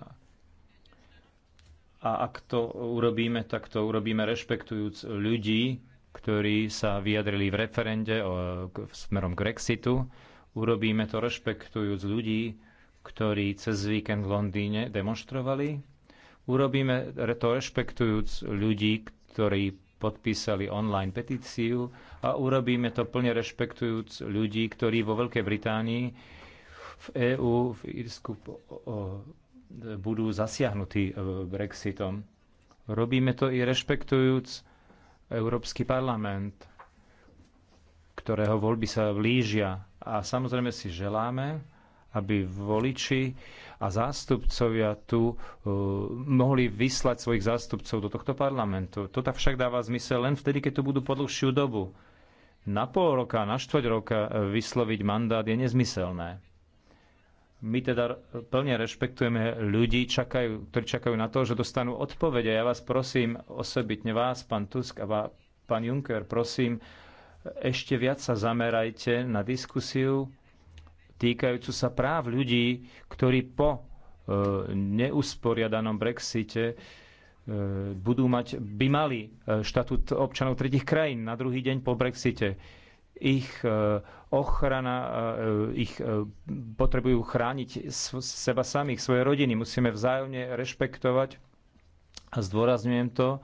A ak to urobíme, tak to urobíme rešpektujúc ľudí, ktorí sa vyjadrili v referende o, k, smerom k Brexitu. Urobíme to rešpektujúc ľudí, ktorí cez víkend v Londýne demonstrovali. Urobíme to rešpektujúc ľudí, ktorí podpísali online petíciu a urobíme to plne rešpektujúc ľudí, ktorí vo Veľkej Británii v EÚ, v Írsku budú zasiahnutí e, Brexitom. Robíme to i rešpektujúc Európsky parlament, ktorého voľby sa blížia. A samozrejme si želáme, aby voliči a zástupcovia tu e, mohli vyslať svojich zástupcov do tohto parlamentu. To tak však dáva zmysel len vtedy, keď tu budú po dlhšiu dobu. Na pol roka, na štvrť roka e, vysloviť mandát je nezmyselné. My teda plne rešpektujeme ľudí, čakajú, ktorí čakajú na to, že dostanú odpovede. Ja vás prosím, osobitne vás, pán Tusk a pán Juncker, prosím, ešte viac sa zamerajte na diskusiu týkajúcu sa práv ľudí, ktorí po e, neusporiadanom Brexite e, budú mať, by mali e, štatút občanov tretich krajín na druhý deň po Brexite ich e, ochrana, e, ich e, potrebujú chrániť seba samých, svoje rodiny. Musíme vzájomne rešpektovať a zdôrazňujem to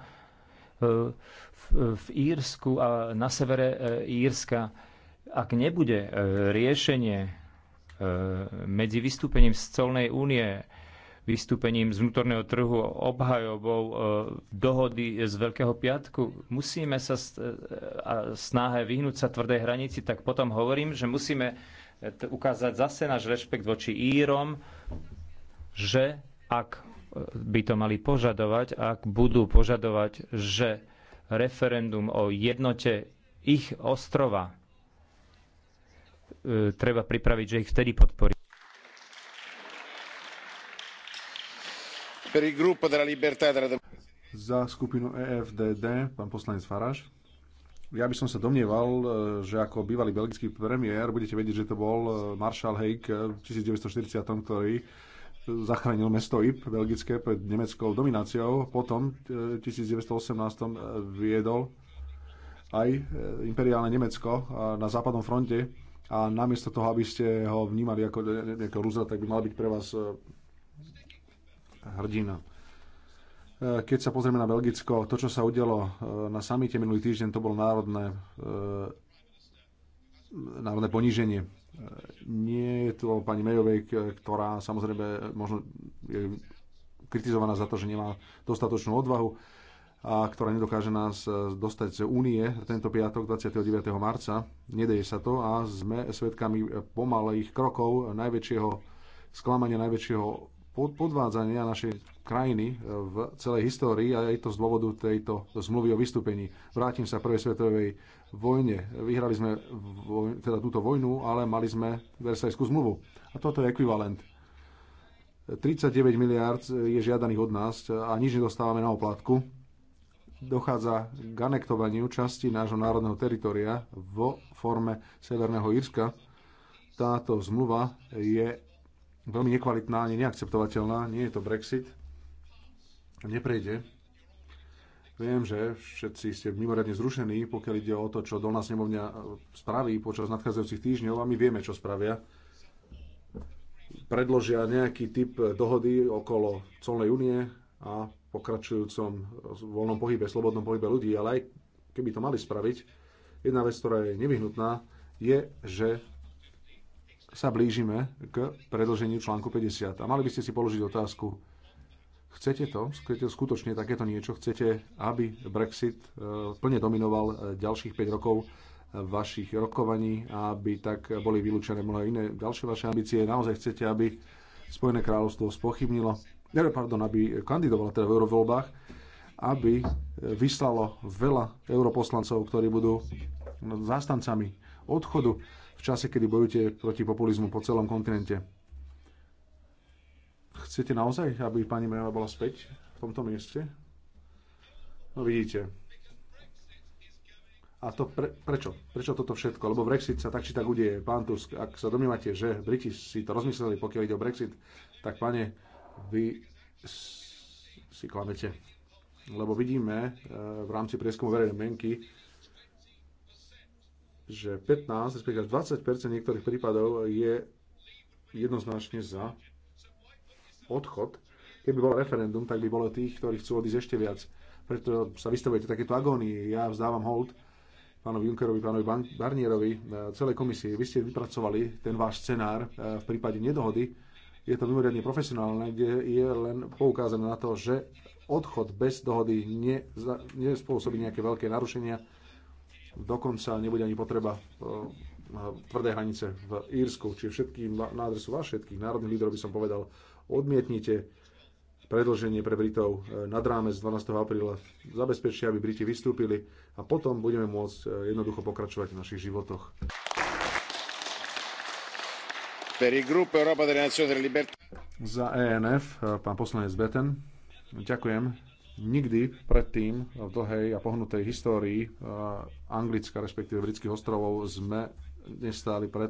v Írsku a na severe Írska. Ak nebude riešenie medzi vystúpením z colnej únie vystúpením z vnútorného trhu, obhajobou e, dohody z Veľkého piatku. Musíme sa e, snahe vyhnúť sa tvrdej hranici, tak potom hovorím, že musíme e, ukázať zase náš rešpekt voči Írom, že ak by to mali požadovať, ak budú požadovať, že referendum o jednote ich ostrova treba pripraviť, že ich vtedy podporí. E Za skupinu EFDD, pán poslanec Faraž. Ja by som sa domnieval, e, že ako bývalý belgický premiér, budete vedieť, že to bol e, Marshall Haig v 1940, ktorý zachránil mesto IP belgické pred nemeckou domináciou. Potom v 1918 viedol aj imperiálne Nemecko na západnom fronte a namiesto toho, aby ste ho vnímali ako nejakého rúza, tak by mal byť pre vás hrdina. E, keď sa pozrieme na Belgicko, to, čo sa udialo e, na samite minulý týždeň, to bolo národné, e, národné poníženie. Nie je tu pani Mejovej, ktorá samozrejme možno je kritizovaná za to, že nemá dostatočnú odvahu a ktorá nedokáže nás dostať z únie tento piatok 29. marca. Nedeje sa to a sme svedkami pomalých krokov najväčšieho sklamania, najväčšieho podvádzania našej krajiny e, v celej histórii a je to z dôvodu tejto zmluvy o vystúpení. Vrátim sa prvej svetovej vojne. Vyhrali sme voj, teda túto vojnu, ale mali sme Versajskú zmluvu. A toto je ekvivalent. 39 miliard je žiadaných od nás a nič nedostávame na oplátku. Dochádza k anektovaniu časti nášho národného teritoria vo forme Severného Írska. Táto zmluva je veľmi nekvalitná, ani neakceptovateľná. Nie je to Brexit. Neprejde. Viem, že všetci ste mimoriadne zrušení, pokiaľ ide o to, čo Dolná snemovňa e, spraví počas nadchádzajúcich týždňov a my vieme, čo spravia. Predložia nejaký typ dohody okolo colnej únie a pokračujúcom e, voľnom pohybe, slobodnom pohybe ľudí, ale aj keby to mali spraviť, jedna vec, ktorá je nevyhnutná, je, že sa blížime k predlženiu článku 50. A mali by ste si položiť otázku, chcete to? Chcete skutočne takéto niečo? Chcete, aby Brexit e, plne dominoval e, ďalších 5 rokov e, vašich rokovaní a aby tak boli vylúčené mnohé iné ďalšie vaše ambície? Naozaj chcete, aby Spojené kráľovstvo spochybnilo, pardon, aby kandidovalo teda v eurovoľbách, aby vyslalo veľa europoslancov, ktorí budú zástancami odchodu čase, kedy bojujete proti populizmu po celom kontinente. Chcete naozaj, aby pani Mayová bola späť v tomto mieste? No vidíte. A to pre, prečo? Prečo toto všetko? Lebo Brexit sa tak či tak udeje. Pán Tusk, ak sa domnívate, že Briti si to rozmysleli, pokiaľ ide o Brexit, tak pane, vy si klamete. Lebo vidíme eh, v rámci prieskumu verejnej menky, že 15, respektíve 20 niektorých prípadov je jednoznačne za odchod. Keby bol referendum, tak by bolo tých, ktorí chcú odísť ešte viac. Preto sa vystavujete takéto agónii. Ja vzdávam hold pánovi Junckerovi, pánovi Barnierovi, e, celej komisii. Vy ste vypracovali ten váš scenár e, v prípade nedohody. Je to mimoriadne profesionálne, kde je len poukázané na to, že odchod bez dohody nespôsobí nejaké veľké narušenia Dokonca nebude ani potreba e, tvrdé hranice v Írsku. Čiže všetkým na adresu vás všetkých národných lídrov by som povedal, odmietnite predlženie pre Britov e, nad rámec 12. apríla. Zabezpečia, aby Briti vystúpili a potom budeme môcť e, jednoducho pokračovať v našich životoch. Za ENF, pán poslanec Beten. Ďakujem Nikdy predtým v dlhej a pohnutej histórii eh, Anglicka, respektíve britských ostrovov, sme nestáli pred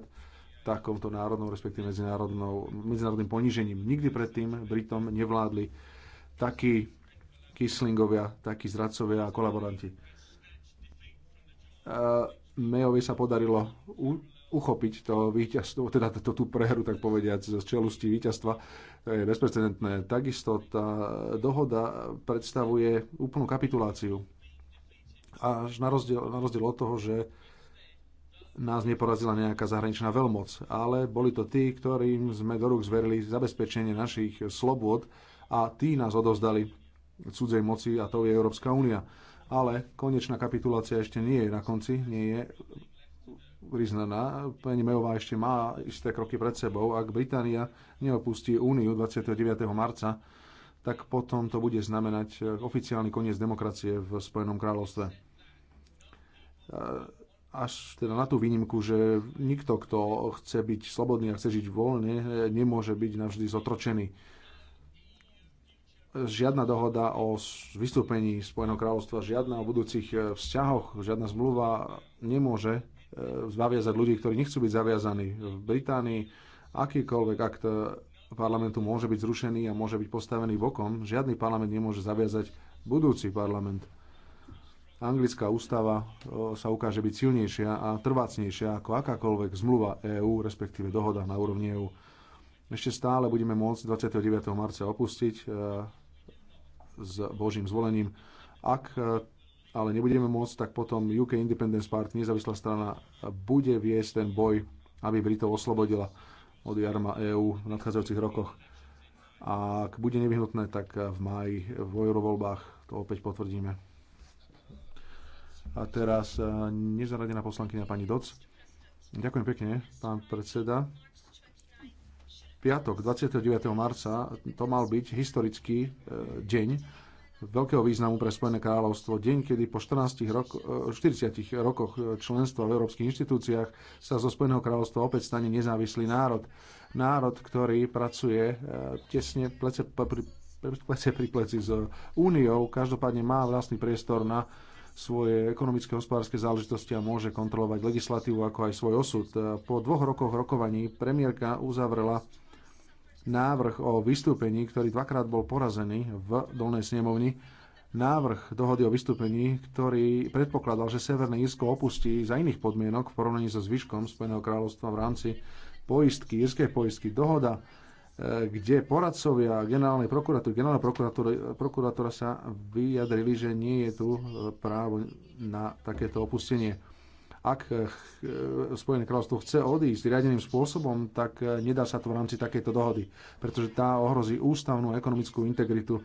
takomto národnou, respektíve medzinárodnou medzinárodným ponížením. Nikdy predtým Britom nevládli takí kyslingovia, takí zradcovia a kolaboranti. Eh, Mayovi sa podarilo uchopiť to víťazstvo, teda tú, tú prehru, tak povediať, z čelusti víťazstva je bezprecedentné. Takisto tá dohoda predstavuje úplnú kapituláciu. Až na rozdiel, na rozdiel od toho, že nás neporazila nejaká zahraničná veľmoc, ale boli to tí, ktorým sme do rúk zverili zabezpečenie našich slobôd a tí nás odovzdali cudzej moci a to je Európska únia. Ale konečná kapitulácia ešte nie je na konci, nie je priznaná. Pani Mejová ešte má isté kroky pred sebou. Ak Británia neopustí Úniu 29. marca, tak potom to bude znamenať eh, oficiálny koniec demokracie v Spojenom kráľovstve. Eh, až teda na tú výnimku, že nikto, kto chce byť slobodný a chce žiť voľne, eh, nemôže byť navždy zotročený. Žiadna dohoda o vystúpení Spojeného kráľovstva, žiadna o budúcich vzťahoch, žiadna zmluva nemôže E, zaviazať ľudí, ktorí nechcú byť zaviazaní. V Británii akýkoľvek akt parlamentu môže byť zrušený a môže byť postavený bokom. Žiadny parlament nemôže zaviazať budúci parlament. Anglická ústava e, sa ukáže byť silnejšia a trvácnejšia ako akákoľvek zmluva EÚ, respektíve dohoda na úrovni EÚ. Ešte stále budeme môcť 29. marca opustiť e, s Božím zvolením, ak ale nebudeme môcť, tak potom UK Independence Party, nezávislá strana, bude viesť ten boj, aby Britov oslobodila od jarma EÚ v nadchádzajúcich rokoch. A ak bude nevyhnutné, tak v máji v eurovoľbách to opäť potvrdíme. A teraz e, nezaradená poslankyňa pani Doc. Ďakujem pekne, pán predseda. Piatok 29. marca to mal byť historický e, deň veľkého významu pre Spojené kráľovstvo. Deň, kedy po 14 roko, 40 rokoch členstva v európskych inštitúciách sa zo Spojeného kráľovstva opäť stane nezávislý národ. Národ, ktorý pracuje e, tesne plece, pri, plece pri pleci s úniou, každopádne má vlastný priestor na svoje ekonomické hospodárske záležitosti a môže kontrolovať legislatívu ako aj svoj osud. E, po dvoch rokoch rokovaní premiérka uzavrela návrh o vystúpení, ktorý dvakrát bol porazený v dolnej snemovni, návrh dohody o vystúpení, ktorý predpokladal, že Severné Írsko opustí za iných podmienok v porovnaní so zvyškom Spojeného kráľovstva v rámci poistky, írskej poistky, dohoda, e, kde poradcovia generálnej prokuratúry, generálna prokurátora sa vyjadrili, že nie je tu právo na takéto opustenie. Ak eh, Spojené kráľovstvo chce odísť riadeným spôsobom, tak eh, nedá sa to v rámci takejto dohody, pretože tá ohrozí ústavnú a ekonomickú integritu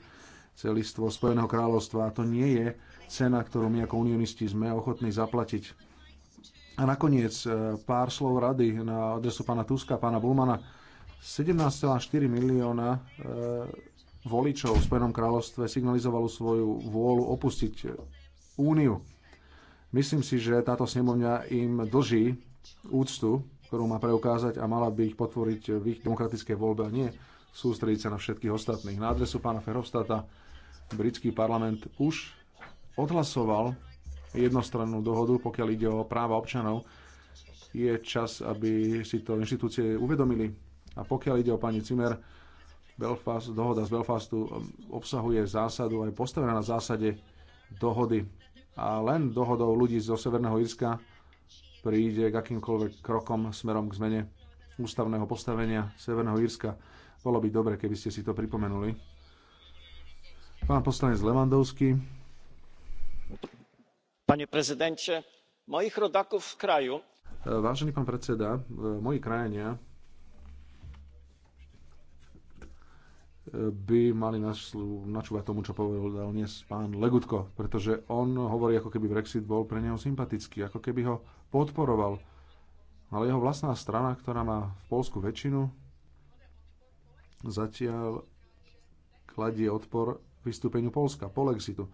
celistvo Spojeného kráľovstva a to nie je cena, ktorú my ako unionisti sme ochotní zaplatiť. A nakoniec eh, pár slov rady na adresu pána Tuska, pána Bulmana. 17,4 milióna voličov v Spojenom kráľovstve signalizovalo svoju vôľu opustiť úniu. Myslím si, že táto snemovňa im dlží úctu, ktorú má preukázať a mala by ich potvoriť v ich demokratickej voľbe a nie sústrediť sa na všetkých ostatných. Na adresu pána Ferovstata, britský parlament už odhlasoval jednostrannú dohodu, pokiaľ ide o práva občanov. Je čas, aby si to inštitúcie uvedomili. A pokiaľ ide o pani Cimer, Belfast, dohoda z Belfastu um, obsahuje zásadu a je postavená na zásade dohody a len dohodou ľudí zo Severného Írska príde k akýmkoľvek krokom smerom k zmene ústavného postavenia Severného Írska. Bolo by dobre, keby ste si to pripomenuli. Pán poslanec Levandovský. Pane prezidente, mojich rodakov v kraju. Vážený pán predseda, moji krajania by mali načúvať tomu, čo povedal dnes pán Legutko, pretože on hovorí, ako keby Brexit bol pre neho sympatický, ako keby ho podporoval. Ale jeho vlastná strana, ktorá má v Polsku väčšinu, zatiaľ kladie odpor vystúpeniu Polska po Lexitu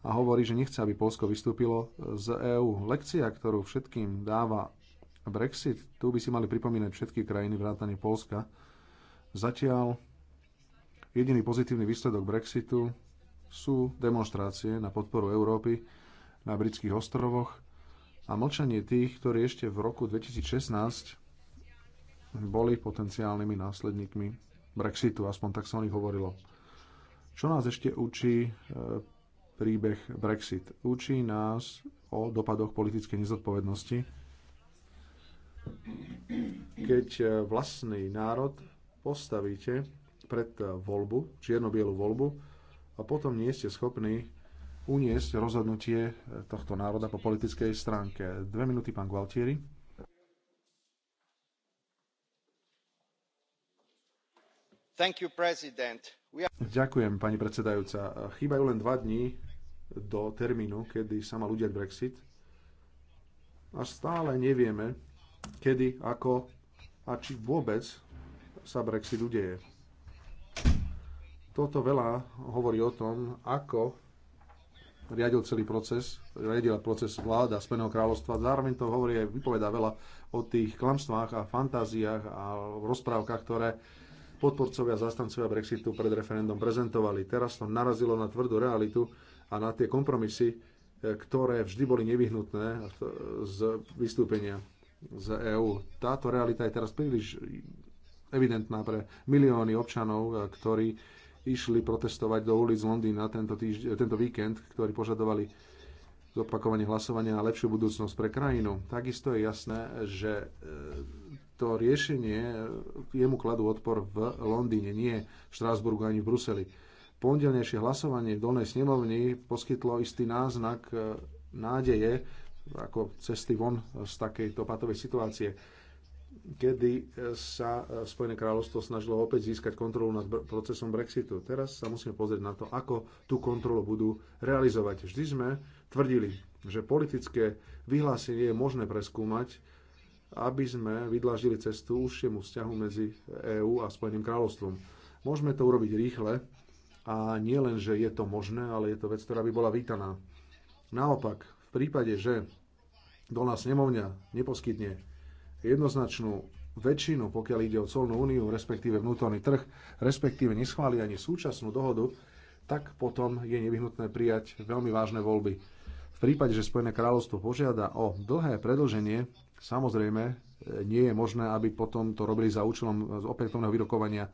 a hovorí, že nechce, aby Polsko vystúpilo z EÚ. Lekcia, ktorú všetkým dáva Brexit, tu by si mali pripomínať všetky krajiny vrátane Polska. Zatiaľ Jediný pozitívny výsledok Brexitu sú demonstrácie na podporu Európy na britských ostrovoch a mlčanie tých, ktorí ešte v roku 2016 boli potenciálnymi následníkmi Brexitu, aspoň tak sa o nich hovorilo. Čo nás ešte učí e, príbeh Brexit? Učí nás o dopadoch politickej nezodpovednosti, keď e, vlastný národ postavíte pred eh, voľbu, čierno-bielu voľbu a potom nie ste schopní uniesť rozhodnutie eh, tohto národa po politickej stránke. Dve minúty, pán Gualtieri. You, are... Ďakujem, pani predsedajúca. Chýbajú len dva dní do termínu, kedy sa má ľudia Brexit. A stále nevieme, kedy, ako a či vôbec sa Brexit udeje. Toto veľa hovorí o tom, ako riadil celý proces, riadil proces vláda Spojeného kráľovstva. Zároveň to hovorí aj, vypovedá veľa o tých klamstvách a fantáziách a rozprávkach, ktoré podporcovia a zastancovia Brexitu pred referendum prezentovali. Teraz to narazilo na tvrdú realitu a na tie kompromisy, e, ktoré vždy boli nevyhnutné z vystúpenia z EÚ. Táto realita je teraz príliš evidentná pre milióny občanov, e, ktorí išli protestovať do ulic Londýna tento, tento víkend, ktorí požadovali zopakovanie hlasovania a lepšiu budúcnosť pre krajinu. Takisto je jasné, že e, to riešenie e, jemu kladú odpor v Londýne, nie v Štrásburgu ani v Bruseli. Pondelnejšie hlasovanie v Dolnej snemovni poskytlo istý náznak e, nádeje ako cesty von z takejto patovej situácie kedy e, sa e, Spojené kráľovstvo snažilo opäť získať kontrolu nad procesom Brexitu. Teraz sa musíme pozrieť na to, ako tú kontrolu budú realizovať. Vždy sme tvrdili, že politické vyhlásenie je možné preskúmať, aby sme vydlažili cestu užšiemu vzťahu medzi EÚ a Spojeným kráľovstvom. Môžeme to urobiť rýchle a nie len, že je to možné, ale je to vec, ktorá by bola vítaná. Naopak, v prípade, že dolná snemovňa neposkytne jednoznačnú väčšinu, pokiaľ ide o colnú úniu, respektíve vnútorný trh, respektíve neschváli ani súčasnú dohodu, tak potom je nevyhnutné prijať veľmi vážne voľby. V prípade, že Spojené kráľovstvo požiada o dlhé predlženie, samozrejme e, nie je možné, aby potom to robili za účelom opätovného vyrokovania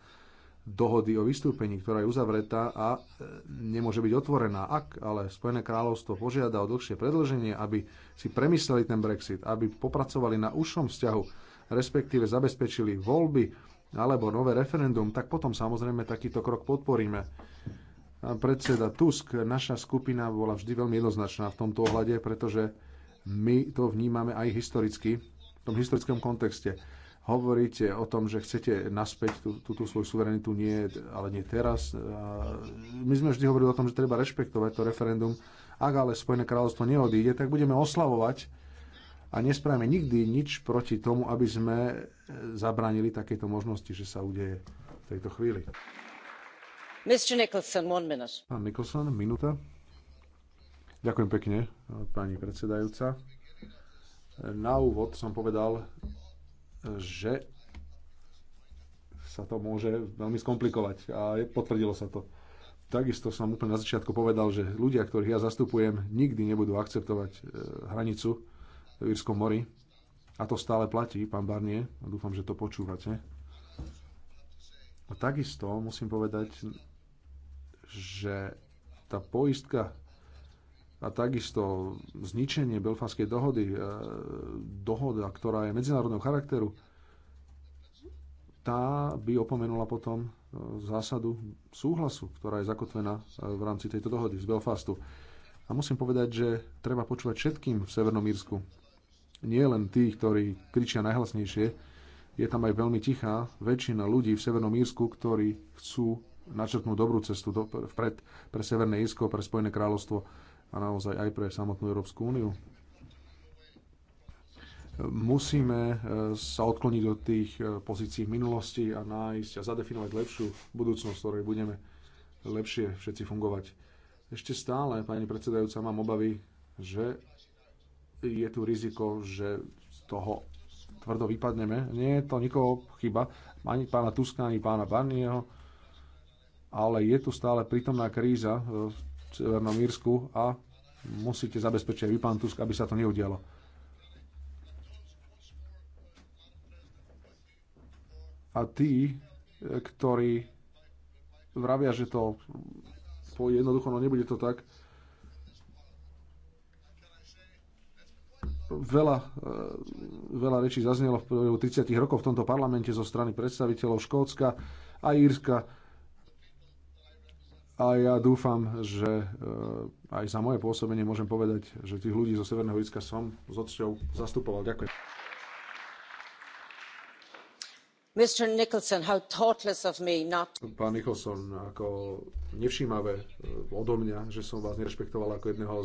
dohody o vystúpení, ktorá je uzavretá a e, nemôže byť otvorená. Ak ale Spojené kráľovstvo požiada o dlhšie predlženie, aby si premysleli ten Brexit, aby popracovali na ušom vzťahu, respektíve zabezpečili voľby alebo nové referendum, tak potom samozrejme takýto krok podporíme. Predseda Tusk, naša skupina bola vždy veľmi jednoznačná v tomto ohľade, pretože my to vnímame aj historicky, v tom historickom kontexte Hovoríte o tom, že chcete naspäť tú, tú, tú svoju suverenitu, nie, ale nie teraz. My sme vždy hovorili o tom, že treba rešpektovať to referendum. Ak ale Spojené kráľovstvo neodíde, tak budeme oslavovať a nespravíme nikdy nič proti tomu, aby sme zabránili takéto možnosti, že sa udeje v tejto chvíli. Mr. Nicholson, one minute. Pán Nicholson, minúta. Ďakujem pekne, pani predsedajúca. Na úvod som povedal, že sa to môže veľmi skomplikovať a potvrdilo sa to. Takisto som úplne na začiatku povedal, že ľudia, ktorých ja zastupujem, nikdy nebudú akceptovať e, hranicu v Írskom mori. A to stále platí, pán Barnier, a dúfam, že to počúvate. A takisto musím povedať, že tá poistka a takisto zničenie Belfastskej dohody, e, dohoda, ktorá je medzinárodného charakteru, tá by opomenula potom e, zásadu súhlasu, ktorá je zakotvená e, v rámci tejto dohody z Belfastu. A musím povedať, že treba počúvať všetkým v Severnom Írsku. Nie len tí, ktorí kričia najhlasnejšie, je tam aj veľmi tichá väčšina ľudí v Severnom Írsku, ktorí chcú načrtnúť dobrú cestu do, vpred pre Severné Írsko, pre Spojené kráľovstvo a naozaj aj pre samotnú Európsku úniu. Musíme e, sa odkloniť od tých e, pozícií v minulosti a nájsť a zadefinovať lepšiu budúcnosť, v ktorej budeme lepšie všetci fungovať. Ešte stále, pani predsedajúca, mám obavy, že je tu riziko, že z toho tvrdo vypadneme. Nie je to nikoho chyba, ani pána Tuska, ani pána Barnieho, ale je tu stále prítomná kríza v e, Severnom Írsku a musíte zabezpečiť vy, pán Tusk, aby sa to neudialo. A tí, ktorí vravia, že to pôjde jednoducho, no nebude to tak, veľa, eh, veľa rečí zaznelo v 30 rokov v tomto parlamente zo strany predstaviteľov Škótska a Írska a ja dúfam, že eh, aj za moje pôsobenie môžem povedať, že tých ľudí zo Severného Írska som s odšťou zastupoval. Ďakujem. Mr. Nicholson, how thoughtless of me not... Pán Nicholson, ako nevšímavé eh, odo mňa, že som vás nerešpektoval ako jedného z